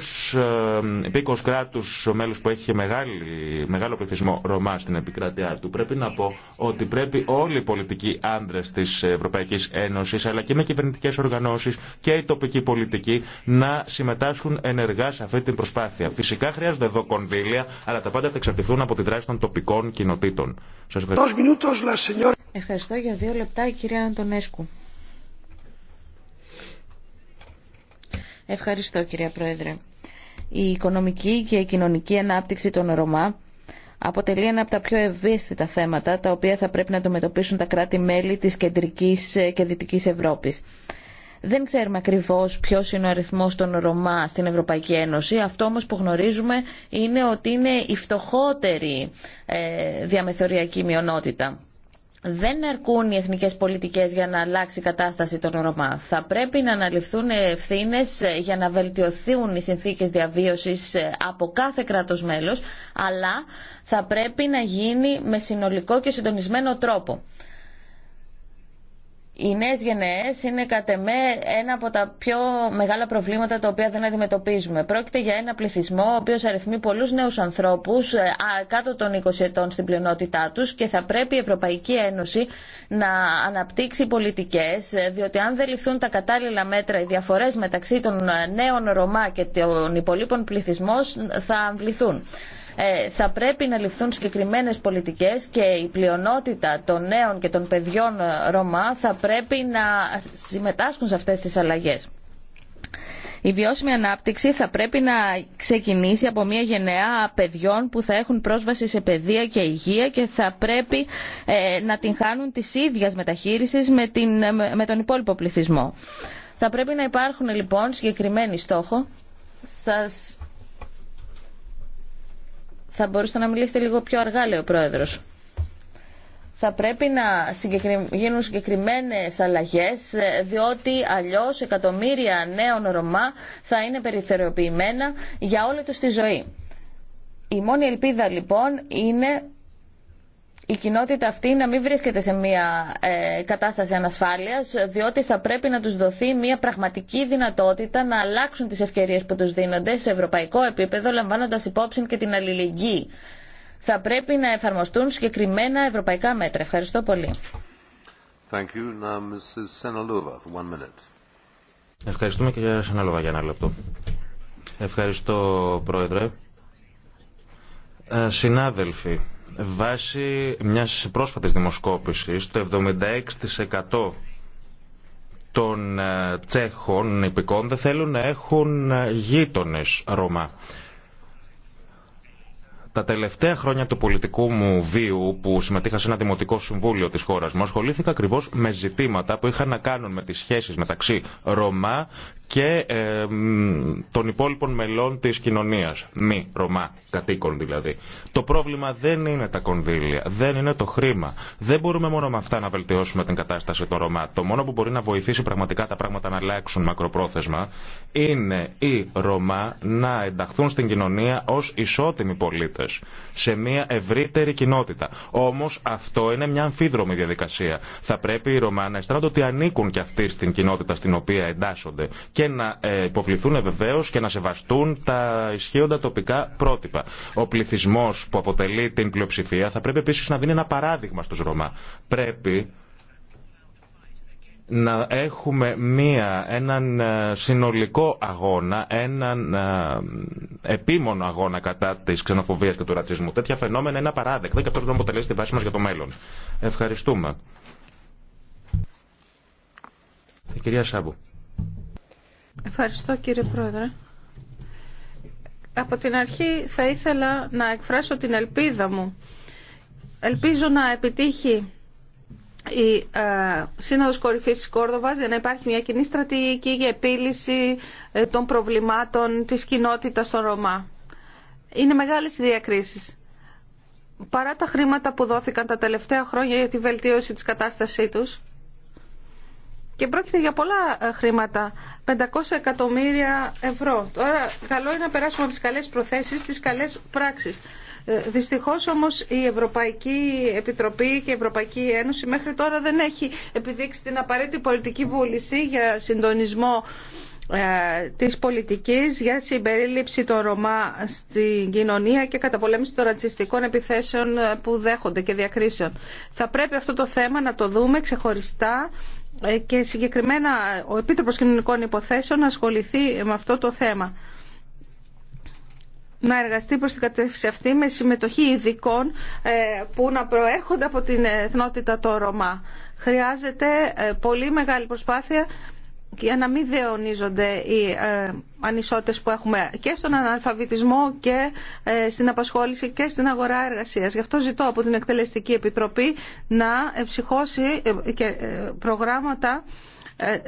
υπήκο ε, κράτου, μέλο που έχει μεγάλη, μεγάλο πληθυσμό Ρωμά στην επικράτειά του, πρέπει να πω ότι πρέπει όλοι οι πολιτικοί άντρε τη Ευρωπαϊκή Ένωση, αλλά και με κυβερνητικέ οργανώσει και οι τοπικοί πολιτικοί να συμμετάσχουν ενεργά σε αυτή την προσπάθεια. Φυσικά χρειάζονται εδώ κονδύλια, αλλά τα πάντα θα εξαρτηθούν από τη δράση των τοπικών κοινοτήτων. Σας ευχαριστώ. Ευχαριστώ για δύο λεπτά η κυρία Αντωνέσκου. Ευχαριστώ κυρία Πρόεδρε. Η οικονομική και η κοινωνική ανάπτυξη των Ρωμά αποτελεί ένα από τα πιο ευαίσθητα θέματα τα οποία θα πρέπει να αντιμετωπίσουν τα κράτη-μέλη της κεντρικής και δυτικής Ευρώπης. Δεν ξέρουμε ακριβώ ποιο είναι ο αριθμό των Ρωμά στην Ευρωπαϊκή Ένωση. Αυτό όμω που γνωρίζουμε είναι ότι είναι η φτωχότερη ε, διαμεθοριακή μειονότητα δεν αρκούν οι εθνικές πολιτικές για να αλλάξει η κατάσταση των Ρωμά. Θα πρέπει να αναλυφθούν ευθύνε ε, για να βελτιωθούν οι συνθήκες διαβίωσης ε, από κάθε κράτος μέλος, αλλά θα πρέπει να γίνει με συνολικό και συντονισμένο τρόπο οι νέε γενναίε είναι κατ' εμέ ένα από τα πιο μεγάλα προβλήματα τα οποία δεν αντιμετωπίζουμε. Πρόκειται για ένα πληθυσμό ο οποίο αριθμεί πολλούς νέους ανθρώπους ε, κάτω των 20 ετών στην πλειονότητά του και θα πρέπει η Ευρωπαϊκή Ένωση να αναπτύξει πολιτικές ε, διότι αν δεν ληφθούν τα κατάλληλα μέτρα οι διαφορέ μεταξύ των ε, νέων Ρωμά και των υπολείπων πληθυσμών θα αμβληθούν. Ε, θα πρέπει να ληφθούν συγκεκριμένε πολιτικές και η πλειονότητα των νέων και των παιδιών ε, Ρωμά θα πρέπει να συμμετάσχουν σε αυτές τις αλλαγές. Η βιώσιμη ανάπτυξη θα πρέπει να ξεκινήσει από μια γενεά παιδιών που θα έχουν πρόσβαση σε παιδεία και υγεία και θα πρέπει ε, να την χάνουν τη ίδια μεταχείρισης με, με τον υπόλοιπο πληθυσμό. Θα πρέπει να υπάρχουν λοιπόν συγκεκριμένοι στόχο. Σας θα μπορούσατε να μιλήσετε λίγο πιο αργά, λέει ο πρόεδρο. Θα πρέπει να γίνουν συγκεκριμένε αλλαγέ διότι αλλιώ εκατομμύρια νέων Ρωμά θα είναι περιθωριοποιημένα για όλη του τη ζωή. Η μόνη ελπίδα λοιπόν είναι η κοινότητα αυτή να μην βρίσκεται σε μια ε, κατάσταση ανασφάλειας, διότι θα πρέπει να τους δοθεί μια πραγματική δυνατότητα να αλλάξουν τις ευκαιρίες που τους δίνονται σε ευρωπαϊκό επίπεδο, λαμβάνοντας υπόψη και την αλληλεγγύη. Θα πρέπει να εφαρμοστούν συγκεκριμένα ευρωπαϊκά μέτρα. Ευχαριστώ πολύ. Thank you. Ευχαριστούμε κυρία για ένα λεπτό. Ευχαριστώ πρόεδρε. Ε, συνάδελφοι, Βάσει μιας πρόσφατης δημοσκόπησης, το 76% των ε, Τσέχων υπηκών δεν θέλουν να έχουν ε, γείτονες Ρωμά. Τα τελευταία χρόνια του πολιτικού μου βίου που συμμετείχα σε ένα δημοτικό συμβούλιο της χώρας μου ασχολήθηκα ακριβώς με ζητήματα που είχαν να κάνουν με τις σχέσεις μεταξύ Ρωμά και ε, των υπόλοιπων μελών της κοινωνίας, μη Ρωμά, κατοίκων δηλαδή. Το πρόβλημα δεν είναι τα κονδύλια, δεν είναι το χρήμα. Δεν μπορούμε μόνο με αυτά να βελτιώσουμε την κατάσταση των Ρωμά. Το μόνο που μπορεί να βοηθήσει πραγματικά τα πράγματα να αλλάξουν μακροπρόθεσμα είναι οι Ρωμά να ενταχθούν στην κοινωνία ως ισότιμοι πολίτες, σε μια ευρύτερη κοινότητα. Όμως αυτό είναι μια αμφίδρομη διαδικασία. Θα πρέπει οι Ρωμά να αισθάνονται ότι ανήκουν και αυτοί στην κοινότητα στην οποία εντάσσονται και να ε, υποβληθούν βεβαίω και να σεβαστούν τα ισχύοντα τοπικά πρότυπα. Ο πληθυσμό που αποτελεί την πλειοψηφία θα πρέπει επίση να δίνει ένα παράδειγμα στου Ρωμά. Πρέπει να έχουμε μία, έναν ε, συνολικό αγώνα, έναν ε, επίμονο αγώνα κατά της ξενοφοβίας και του ρατσισμού. Τέτοια φαινόμενα είναι απαράδεκτα και αυτό να αποτελέσει τη βάση μας για το μέλλον. Ευχαριστούμε. Η κυρία Σάμπου. Ευχαριστώ κύριε Πρόεδρε. Από την αρχή θα ήθελα να εκφράσω την ελπίδα μου. Ελπίζω να επιτύχει η ε, Σύνοδος Κορυφής της Κόρδοβας για να υπάρχει μια κοινή στρατηγική για επίλυση ε, των προβλημάτων της κοινότητας των Ρωμά. Είναι μεγάλες οι διακρίσεις. Παρά τα χρήματα που δόθηκαν τα τελευταία χρόνια για τη βελτίωση της κατάστασής τους, και πρόκειται για πολλά ε, χρήματα, 500 εκατομμύρια ευρώ. Τώρα, καλό είναι να περάσουμε από τις καλές προθέσεις στις καλές πράξεις. Ε, δυστυχώς όμως η Ευρωπαϊκή Επιτροπή και η Ευρωπαϊκή Ένωση μέχρι τώρα δεν έχει επιδείξει την απαραίτητη πολιτική βούληση για συντονισμό ε, της πολιτικής για συμπερίληψη των Ρωμά στην κοινωνία και καταπολέμηση των ρατσιστικών επιθέσεων που δέχονται και διακρίσεων. Θα πρέπει αυτό το θέμα να το δούμε ξεχωριστά ε, και συγκεκριμένα ο Επίτροπος Κοινωνικών Υποθέσεων να ασχοληθεί με αυτό το θέμα. Να εργαστεί προς την κατεύθυνση αυτή με συμμετοχή ειδικών ε, που να προέρχονται από την εθνότητα το Ρωμά. Χρειάζεται ε, πολύ μεγάλη προσπάθεια για να μην δεονίζονται οι ε, ανισότητες που έχουμε και στον αναλφαβητισμό και ε, στην απασχόληση και στην αγορά εργασίας. Γι' αυτό ζητώ από την Εκτελεστική Επιτροπή να ψυχώσει ε, και προγράμματα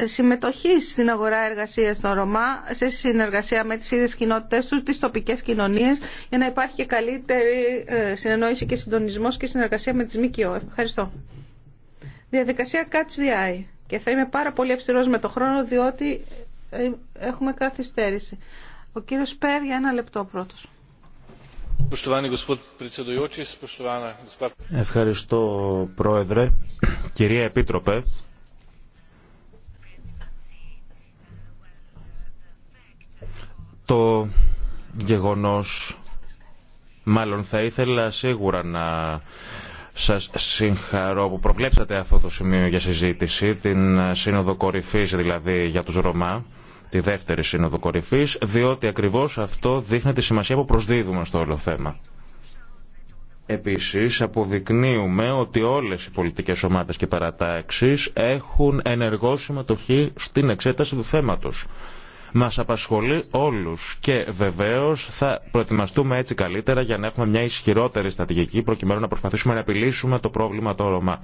συμμετοχή στην αγορά εργασία στον Ρωμά, σε συνεργασία με τι ίδιε κοινότητε του, τι τοπικέ κοινωνίε, για να υπάρχει και καλύτερη συνεννόηση και συντονισμό και συνεργασία με τι ΜΚΟ. Ευχαριστώ. Διαδικασία Catch the Eye. Και θα είμαι πάρα πολύ αυστηρό με το χρόνο διότι ε, έχουμε καθυστέρηση. Ο κύριος Πέρ για ένα λεπτό πρώτος. Ευχαριστώ Πρόεδρε. Κυρία Επίτροπε, το γεγονός, μάλλον θα ήθελα σίγουρα να σας συγχαρώ που προβλέψατε αυτό το σημείο για συζήτηση, την Σύνοδο Κορυφής δηλαδή για τους Ρωμά, τη δεύτερη Σύνοδο Κορυφής, διότι ακριβώς αυτό δείχνει τη σημασία που προσδίδουμε στο όλο θέμα. Επίσης αποδεικνύουμε ότι όλες οι πολιτικές ομάδες και παρατάξεις έχουν ενεργό συμμετοχή στην εξέταση του θέματος μας απασχολεί όλους και βεβαίως θα προετοιμαστούμε έτσι καλύτερα για να έχουμε μια ισχυρότερη στρατηγική προκειμένου να προσπαθήσουμε να επιλύσουμε το πρόβλημα το Ρωμά.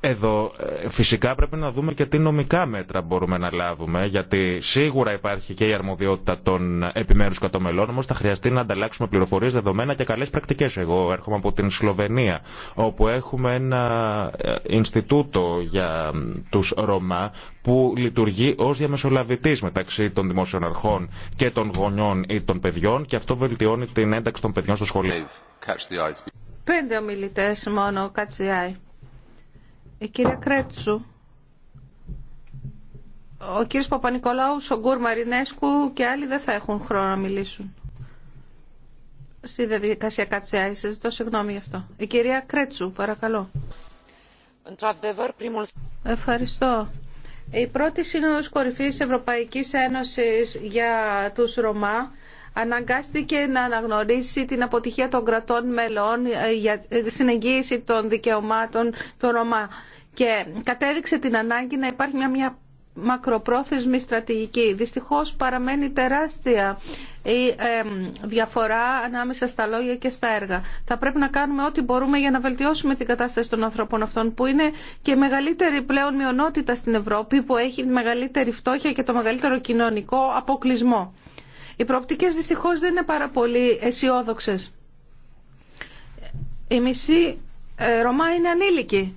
Εδώ ε, φυσικά πρέπει να δούμε και τι νομικά μέτρα μπορούμε να λάβουμε, γιατί σίγουρα υπάρχει και η αρμοδιότητα των επιμέρους κατομελών, όμως θα χρειαστεί να ανταλλάξουμε πληροφορίες, δεδομένα και καλές πρακτικές. Εγώ έρχομαι από την Σλοβενία, όπου έχουμε ένα ε, Ινστιτούτο για τους Ρωμά, που λειτουργεί ως διαμεσολαβητής μεταξύ των δημόσιων αρχών και των γονιών ή των παιδιών και αυτό βελτιώνει την ένταξη των παιδιών στο σχολείο. Πέντε ομιλητές μόνο, η ε, κυρία Κρέτσου. Ο κύριος Παπα-Νικολάου, ο Γκουρ Μαρινέσκου και άλλοι δεν θα έχουν χρόνο να μιλήσουν. Στη διαδικασία κάτσε. σας ζητώ συγγνώμη γι' αυτό. Η κυρία Κρέτσου, παρακαλώ. Ευχαριστώ. Η πρώτη σύνοδος κορυφής Ευρωπαϊκής Ένωσης για τους Ρωμά αναγκάστηκε να αναγνωρίσει την αποτυχία των κρατών μελών ε, για τη εγγύηση των δικαιωμάτων των Ρωμά και κατέδειξε την ανάγκη να υπάρχει μια, μια μακροπρόθεσμη στρατηγική. Δυστυχώς παραμένει τεράστια η ε, διαφορά ανάμεσα στα λόγια και στα έργα. Θα πρέπει να κάνουμε ό,τι μπορούμε για να βελτιώσουμε την κατάσταση των ανθρώπων αυτών που είναι και η μεγαλύτερη πλέον μειονότητα στην Ευρώπη που έχει μεγαλύτερη φτώχεια και το μεγαλύτερο κοινωνικό αποκλεισμό. Οι προοπτικές δυστυχώς δεν είναι πάρα πολύ αισιόδοξε. Η μισή ε, Ρωμά είναι ανήλικη.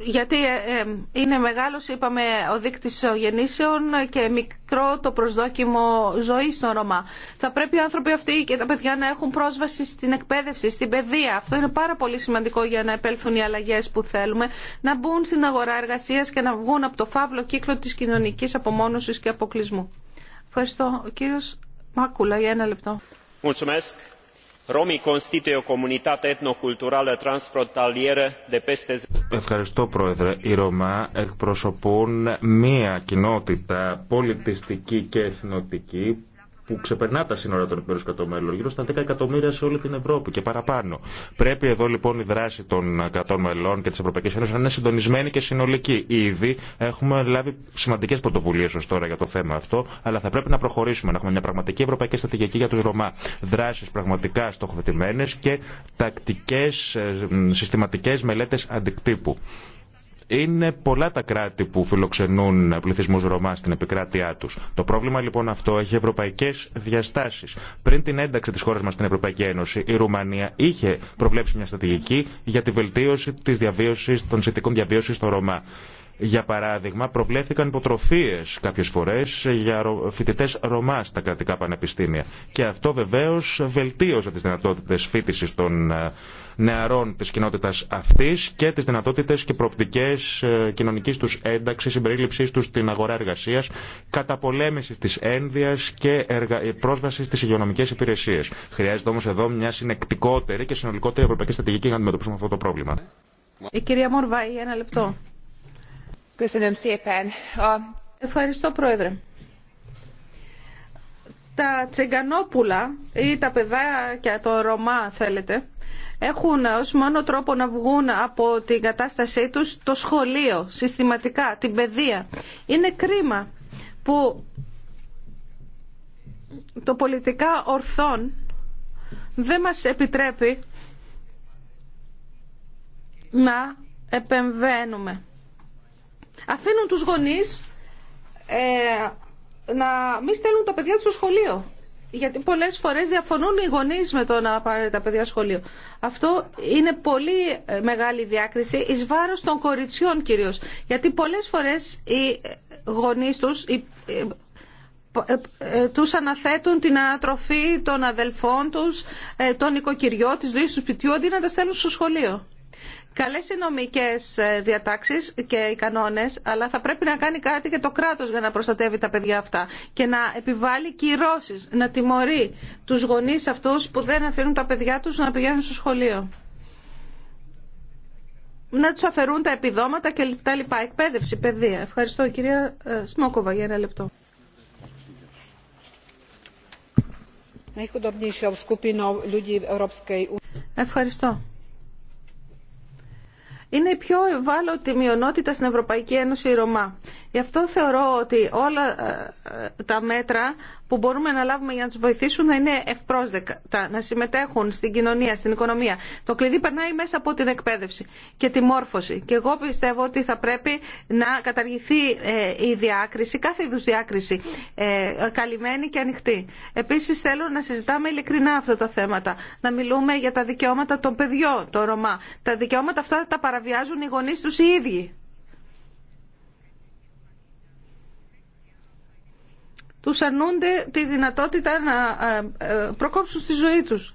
Γιατί ε, ε, είναι μεγάλος, είπαμε, ο δείκτης γεννήσεων και μικρό το προσδόκιμο ζωής στον Ρωμά. Θα πρέπει οι άνθρωποι αυτοί και τα παιδιά να έχουν πρόσβαση στην εκπαίδευση, στην παιδεία. Αυτό είναι πάρα πολύ σημαντικό για να επέλθουν οι αλλαγές που θέλουμε, να μπουν στην αγορά εργασίας και να βγουν από το φαύλο κύκλο της κοινωνικής απομόνωσης και αποκλεισμού. Ευχαριστώ. κύριος Μάκουλα για ένα λεπτό. Ευχαριστώ, Πρόεδρε. Οι Ρωμά εκπροσωπούν μία κοινότητα πολιτιστική και εθνοτική που ξεπερνά τα σύνορα των επιμέρου γύρω στα 10 εκατομμύρια σε όλη την Ευρώπη και παραπάνω. Πρέπει εδώ λοιπόν η δράση των κρατών μελών και τη Ευρωπαϊκή Ένωση να είναι συντονισμένη και συνολική. Ήδη έχουμε λάβει σημαντικέ πρωτοβουλίε ω τώρα για το θέμα αυτό, αλλά θα πρέπει να προχωρήσουμε, να έχουμε μια πραγματική ευρωπαϊκή στρατηγική για του Ρωμά. Δράσει πραγματικά στοχοθετημένε και τακτικέ ε, συστηματικέ μελέτε αντικτύπου. Είναι πολλά τα κράτη που φιλοξενούν πληθυσμού Ρωμά στην επικράτειά του. Το πρόβλημα λοιπόν αυτό έχει ευρωπαϊκέ διαστάσει. Πριν την ένταξη τη χώρα μα στην Ευρωπαϊκή Ένωση, η Ρουμανία είχε προβλέψει μια στρατηγική για τη βελτίωση τη διαβίωση των συνθηκών διαβίωση στο Ρωμά. Για παράδειγμα, προβλέφθηκαν υποτροφίε κάποιε φορέ για φοιτητέ Ρωμά στα κρατικά πανεπιστήμια. Και αυτό βεβαίω βελτίωσε τι δυνατότητε φίτηση των ε, νεαρών της κοινότητας αυτής και τις δυνατότητες και προοπτικές ε, κοινωνικής τους ένταξης, συμπερίληψής τους στην αγορά εργασίας, καταπολέμησης της ένδυας και πρόσβαση ε, πρόσβασης στις υγειονομικές υπηρεσίες. Χρειάζεται όμως εδώ μια συνεκτικότερη και συνολικότερη ευρωπαϊκή στρατηγική για να αντιμετωπίσουμε αυτό το πρόβλημα. Η κυρία Μορβάη, ένα λεπτό. Ευχαριστώ, Πρόεδρε τα τσεγκανόπουλα ή τα παιδάκια των Ρωμά θέλετε έχουν ως μόνο τρόπο να βγουν από την κατάστασή τους το σχολείο, συστηματικά, την παιδεία. Είναι κρίμα που το πολιτικά ορθόν δεν μας επιτρέπει να επεμβαίνουμε. Αφήνουν τους γονείς ε, να μην στέλνουν τα παιδιά τους στο σχολείο γιατί πολλές φορές διαφωνούν οι γονείς με το να πάνε τα παιδιά σχολείο. Αυτό είναι πολύ ε, μεγάλη διάκριση ει βάρο των κοριτσιών κυρίω. Γιατί πολλές φορές οι ε, γονείς ε, τους αναθέτουν την ανατροφή των αδελφών τους, τον οικοκυριών, της ζωή του σπιτιού, αντί να τα στέλνουν στο σχολείο. Καλές οι νομικές ε, διατάξεις και οι κανόνες, αλλά θα πρέπει να κάνει κάτι και το κράτος για να προστατεύει τα παιδιά αυτά και να επιβάλλει κυρώσεις, να τιμωρεί τους γονείς αυτούς που δεν αφήνουν τα παιδιά τους να πηγαίνουν στο σχολείο. Να τους αφαιρούν τα επιδόματα και τα λοιπά. Εκπαίδευση, παιδεία. Ευχαριστώ κυρία ε, Σμόκοβα για ένα λεπτό. Ευχαριστώ. Είναι η πιο ευάλωτη μειονότητα στην Ευρωπαϊκή Ένωση η Ρωμά. Γι' αυτό θεωρώ ότι όλα ε, τα μέτρα που μπορούμε να λάβουμε για να τους βοηθήσουν να είναι ευπρόσδεκτα, να συμμετέχουν στην κοινωνία, στην οικονομία. Το κλειδί περνάει μέσα από την εκπαίδευση και τη μόρφωση. Και εγώ πιστεύω ότι θα πρέπει να καταργηθεί ε, η διάκριση, κάθε είδους διάκριση, ε, καλυμμένη και ανοιχτή. Επίσης θέλω να συζητάμε ειλικρινά αυτά τα θέματα, να μιλούμε για τα δικαιώματα των παιδιών, των Ρωμά. Τα δικαιώματα αυτά τα παραβιάζουν οι γονεί του οι ίδιοι. τους αρνούνται τη δυνατότητα να ε, ε, προκόψουν στη ζωή τους.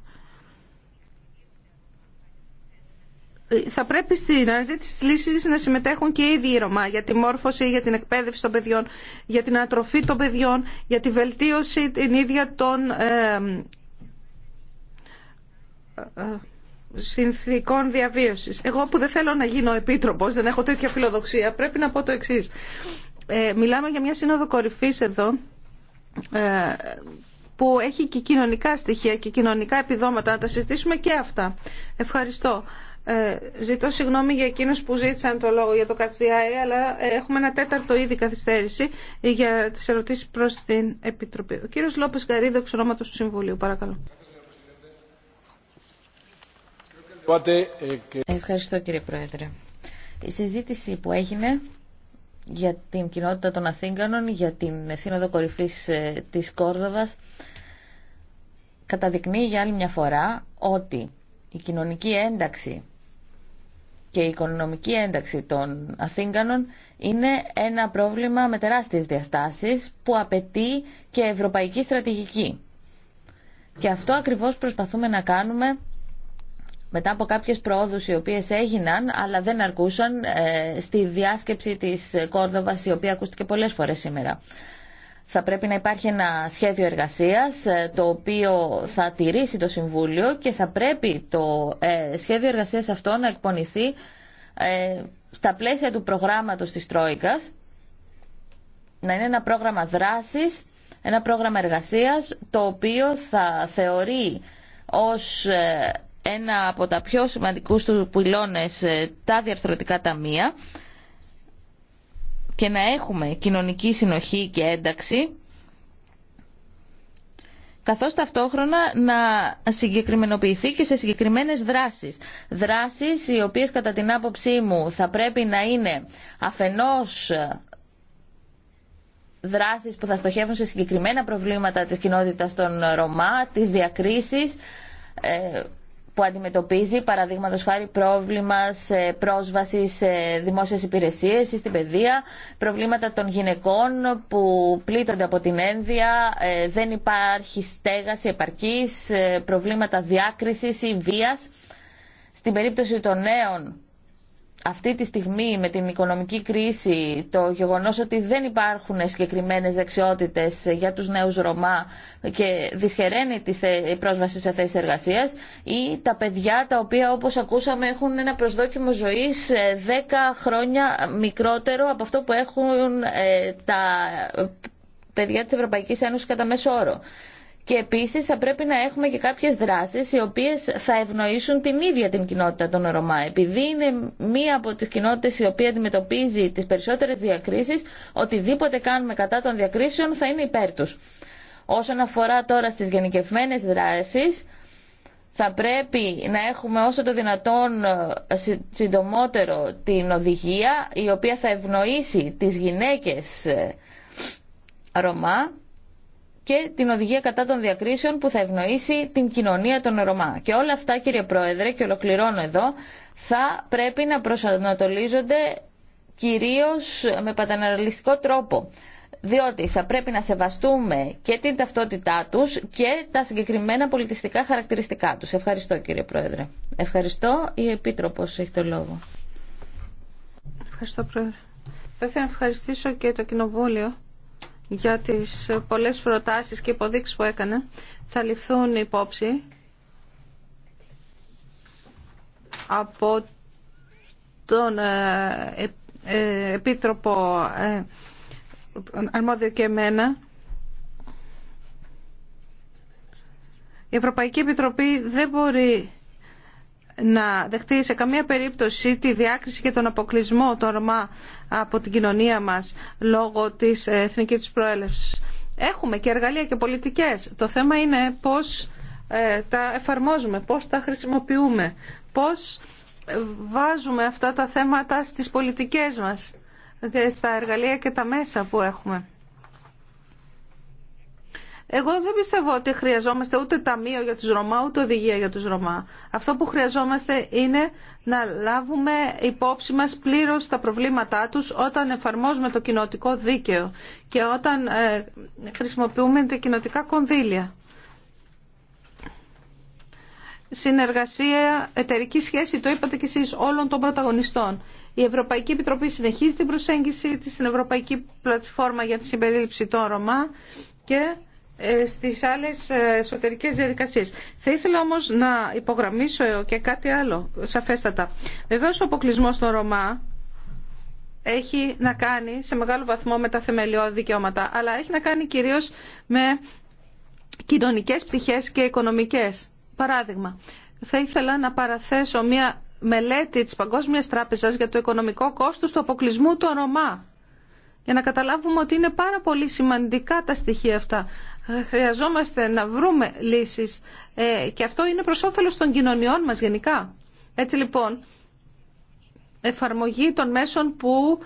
Ε, θα πρέπει στην αναζήτηση τη λύση να συμμετέχουν και ήδη οι Ρωμά για τη μόρφωση, για την εκπαίδευση των παιδιών, για την ανατροφή των παιδιών, για τη βελτίωση την ίδια των ε, ε, συνθήκων διαβίωσης. Εγώ που δεν θέλω να γίνω επίτροπος, δεν έχω τέτοια φιλοδοξία, πρέπει να πω το εξής. μιλάμε για μια σύνοδο κορυφής εδώ, ε, που έχει και κοινωνικά στοιχεία και κοινωνικά επιδόματα. Να τα συζητήσουμε και αυτά. Ευχαριστώ. Ε, ζητώ συγγνώμη για εκείνους που ζήτησαν το λόγο για το ΚΑΤΣΙΑΕ, αλλά έχουμε ένα τέταρτο ήδη καθυστέρηση για τις ερωτήσεις προς την Επιτροπή. Ο κύριος Λόπες Γαρίδο, εξ του Συμβουλίου. Παρακαλώ. Ε, Ευχαριστώ κύριε Πρόεδρε. Η συζήτηση που έγινε για την κοινότητα των Αθήγκανων, για την Σύνοδο Κορυφής ε, της Κόρδοβας, καταδεικνύει για άλλη μια φορά ότι η κοινωνική ένταξη και η οικονομική ένταξη των Αθήγκανων είναι ένα πρόβλημα με τεράστιες διαστάσεις που απαιτεί και ευρωπαϊκή στρατηγική. Και αυτό ακριβώς προσπαθούμε να κάνουμε μετά από κάποιες προόδους οι οποίες έγιναν αλλά δεν αρκούσαν ε, στη διάσκεψη της Κόρδοβας η οποία ακούστηκε πολλές φορές σήμερα. Θα πρέπει να υπάρχει ένα σχέδιο εργασίας ε, το οποίο θα τηρήσει το Συμβούλιο και θα πρέπει το ε, σχέδιο εργασίας αυτό να εκπονηθεί στα πλαίσια του προγράμματος της Τρόικας να είναι ένα πρόγραμμα δράσης, ένα πρόγραμμα εργασίας το οποίο θα θεωρεί ως ένα από τα πιο σημαντικούς του πυλώνες ε, τα διαρθρωτικά ταμεία και να έχουμε κοινωνική συνοχή και ένταξη καθώς ταυτόχρονα να συγκεκριμενοποιηθεί και σε συγκεκριμένες δράσεις. Δράσεις οι οποίες κατά την άποψή μου θα πρέπει να είναι αφενός ε, δράσεις που θα στοχεύουν σε συγκεκριμένα προβλήματα της κοινότητας των Ρωμά, τις διακρίσεις, ε, που αντιμετωπίζει παραδείγματο χάρη πρόβλημα σε πρόσβαση σε δημόσιες υπηρεσίες ή στην παιδεία, προβλήματα των γυναικών που πλήττονται από την ένδυα, ε, δεν υπάρχει στέγαση επαρκής, ε, προβλήματα διάκρισης ή βία Στην περίπτωση των νέων αυτή τη στιγμή με την οικονομική κρίση, το γεγονός ότι δεν υπάρχουν συγκεκριμένε δεξιότητες για τους νέους Ρωμά και δυσχεραίνει η πρόσβαση σε θέσεις εργασίας ή τα παιδιά τα οποία όπως ακούσαμε έχουν ένα προσδόκιμο ζωής 10 ε, χρόνια μικρότερο από αυτό που έχουν ε, τα παιδιά της Ευρωπαϊκής Ένωσης κατά μέσο όρο. Και επίσης θα πρέπει να έχουμε και κάποιες δράσεις οι οποίες θα ευνοήσουν την ίδια την κοινότητα των Ρωμά. Επειδή είναι μία από τις κοινότητε η οποία αντιμετωπίζει τις περισσότερες διακρίσεις, οτιδήποτε κάνουμε κατά των διακρίσεων θα είναι υπέρ του. Όσον αφορά τώρα στι γενικευμένε δράσεις, θα πρέπει να έχουμε όσο το δυνατόν ε, συντομότερο την οδηγία η οποία θα ευνοήσει τις γυναίκες ε, Ρωμά και την οδηγία κατά των διακρίσεων που θα ευνοήσει την κοινωνία των Ρωμά. Και όλα αυτά, κύριε Πρόεδρε, και ολοκληρώνω εδώ, θα πρέπει να προσανατολίζονται κυρίως με παταναλιστικό τρόπο διότι θα πρέπει να σεβαστούμε και την ταυτότητά τους και τα συγκεκριμένα πολιτιστικά χαρακτηριστικά τους. Ευχαριστώ κύριε Πρόεδρε. Ευχαριστώ. Η Επίτροπος έχει το λόγο. Ευχαριστώ Πρόεδρε. Θα ήθελα να ευχαριστήσω και το Κοινοβούλιο για τις πολλές προτάσεις και υποδείξεις που έκανα, Θα ληφθούν υπόψη από τον ε, ε, ε, Επίτροπο Αρμόδιο και εμένα. Η Ευρωπαϊκή Επιτροπή δεν μπορεί να δεχτεί σε καμία περίπτωση τη διάκριση και τον αποκλεισμό των Ρωμά από την κοινωνία μας λόγω της ε, εθνικής της προέλευσης. Έχουμε και εργαλεία και πολιτικές. Το θέμα είναι πώς ε, τα εφαρμόζουμε, πώς τα χρησιμοποιούμε, πώς ε, βάζουμε αυτά τα θέματα στις πολιτικές μας, στα εργαλεία και τα μέσα που έχουμε. Εγώ δεν πιστεύω ότι χρειαζόμαστε ούτε ταμείο για τους Ρωμά, ούτε οδηγία για τους Ρωμά. Αυτό που χρειαζόμαστε είναι να λάβουμε υπόψη μας πλήρως τα προβλήματά τους όταν εφαρμόζουμε το κοινοτικό δίκαιο και όταν ε, χρησιμοποιούμε τα κοινοτικά κονδύλια. Συνεργασία, εταιρική σχέση, το είπατε κι εσείς, όλων των πρωταγωνιστών. Η Ευρωπαϊκή Επιτροπή συνεχίζει την προσέγγιση της στην Ευρωπαϊκή Πλατφόρμα για τη Συμπερίληψη των Ρωμά και ε, στις άλλες ε, εσωτερικές διαδικασίες. Θα ήθελα όμως να υπογραμμίσω και κάτι άλλο, σαφέστατα. Βεβαίως ο αποκλεισμό των Ρωμά έχει να κάνει σε μεγάλο βαθμό με τα θεμελιώδη δικαιώματα, αλλά έχει να κάνει κυρίως με κοινωνικές ψυχές και οικονομικές. Παράδειγμα, θα ήθελα να παραθέσω μια μελέτη της Παγκόσμιας Τράπεζας για το οικονομικό κόστος του αποκλεισμού των Ρωμά για να καταλάβουμε ότι είναι πάρα πολύ σημαντικά τα στοιχεία αυτά. Χρειαζόμαστε να βρούμε λύσεις ε, και αυτό είναι προς όφελος των κοινωνιών μας γενικά. Έτσι λοιπόν, εφαρμογή των μέσων που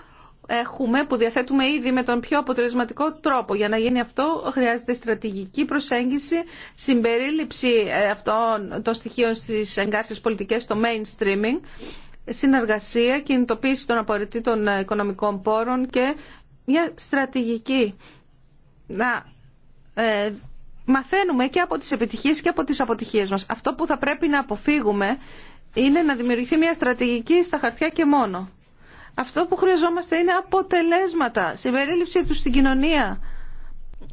έχουμε, που διαθέτουμε ήδη με τον πιο αποτελεσματικό τρόπο. Για να γίνει αυτό χρειάζεται στρατηγική προσέγγιση, συμπερίληψη ε, αυτών των στοιχείων στις εγκάρσεις πολιτικές, το mainstreaming, συνεργασία, κινητοποίηση των απορριτήτων ε, οικονομικών πόρων και μια στρατηγική να ε, μαθαίνουμε και από τις επιτυχίες και από τις αποτυχίες μας. Αυτό που θα πρέπει να αποφύγουμε είναι να δημιουργηθεί μια στρατηγική στα χαρτιά και μόνο. Αυτό που χρειαζόμαστε είναι αποτελέσματα, συμπερίληψή του στην κοινωνία,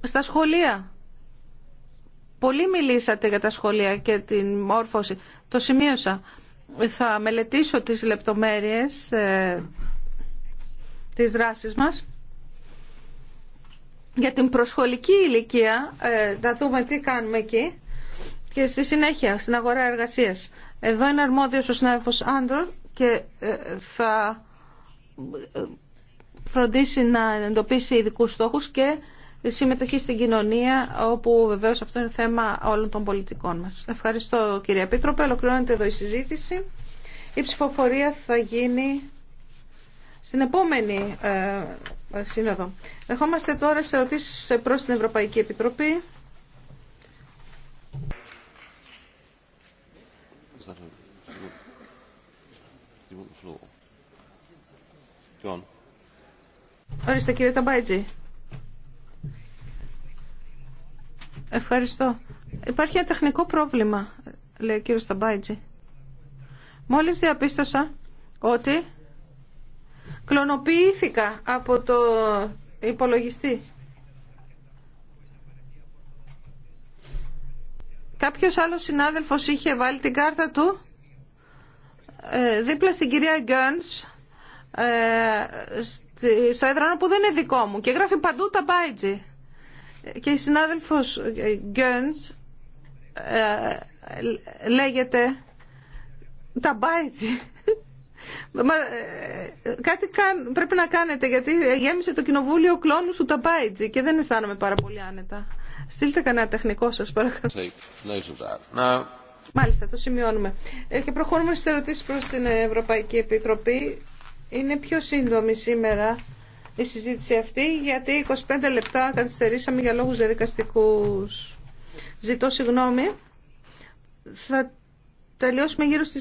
στα σχολεία. Πολύ μιλήσατε για τα σχολεία και την μόρφωση. Το σημείωσα. Θα μελετήσω τις λεπτομέρειες ε, της δράσης μας για την προσχολική ηλικία, θα ε, δούμε τι κάνουμε εκεί και στη συνέχεια στην αγορά εργασίας. Εδώ είναι αρμόδιος ο συνάδελφος Άντρο και ε, θα ε, φροντίσει να εντοπίσει ειδικού στόχους και συμμετοχή στην κοινωνία, όπου βεβαίως αυτό είναι θέμα όλων των πολιτικών μας. Ευχαριστώ κύριε Επίτροπε. Ολοκληρώνεται εδώ η συζήτηση. Η ψηφοφορία θα γίνει στην επόμενη ε, σύνοδο. Ερχόμαστε τώρα σε ερωτήσει προ την Ευρωπαϊκή Επιτροπή. Ορίστε κύριε Ταμπάιτζη. Ευχαριστώ. Υπάρχει ένα τεχνικό πρόβλημα, λέει ο κύριος Ταμπάιτζη. Μόλις διαπίστωσα ότι κλωνοποιήθηκα από το υπολογιστή. Κάποιος άλλος συνάδελφος είχε βάλει την κάρτα του ε, δίπλα στην κυρία Γκέρνς ε, στο έδρανο που δεν είναι δικό μου και γράφει παντού τα Και η συνάδελφος Γκέρνς ε, λέγεται τα ε, κάτι πρέπει να κάνετε γιατί γέμισε το κοινοβούλιο κλόνους του Ταμπάιτζη και δεν αισθάνομαι πάρα πολύ άνετα. Στείλτε κανένα τεχνικό σας παρακαλώ. Μάλιστα, το σημειώνουμε. Ε, και προχωρούμε στις ερωτήσεις προς την Ευρωπαϊκή Επιτροπή. Είναι πιο σύντομη σήμερα η συζήτηση αυτή γιατί 25 λεπτά καθυστερήσαμε για λόγους διαδικαστικού. Ζητώ συγγνώμη. Θα τελειώσουμε γύρω στι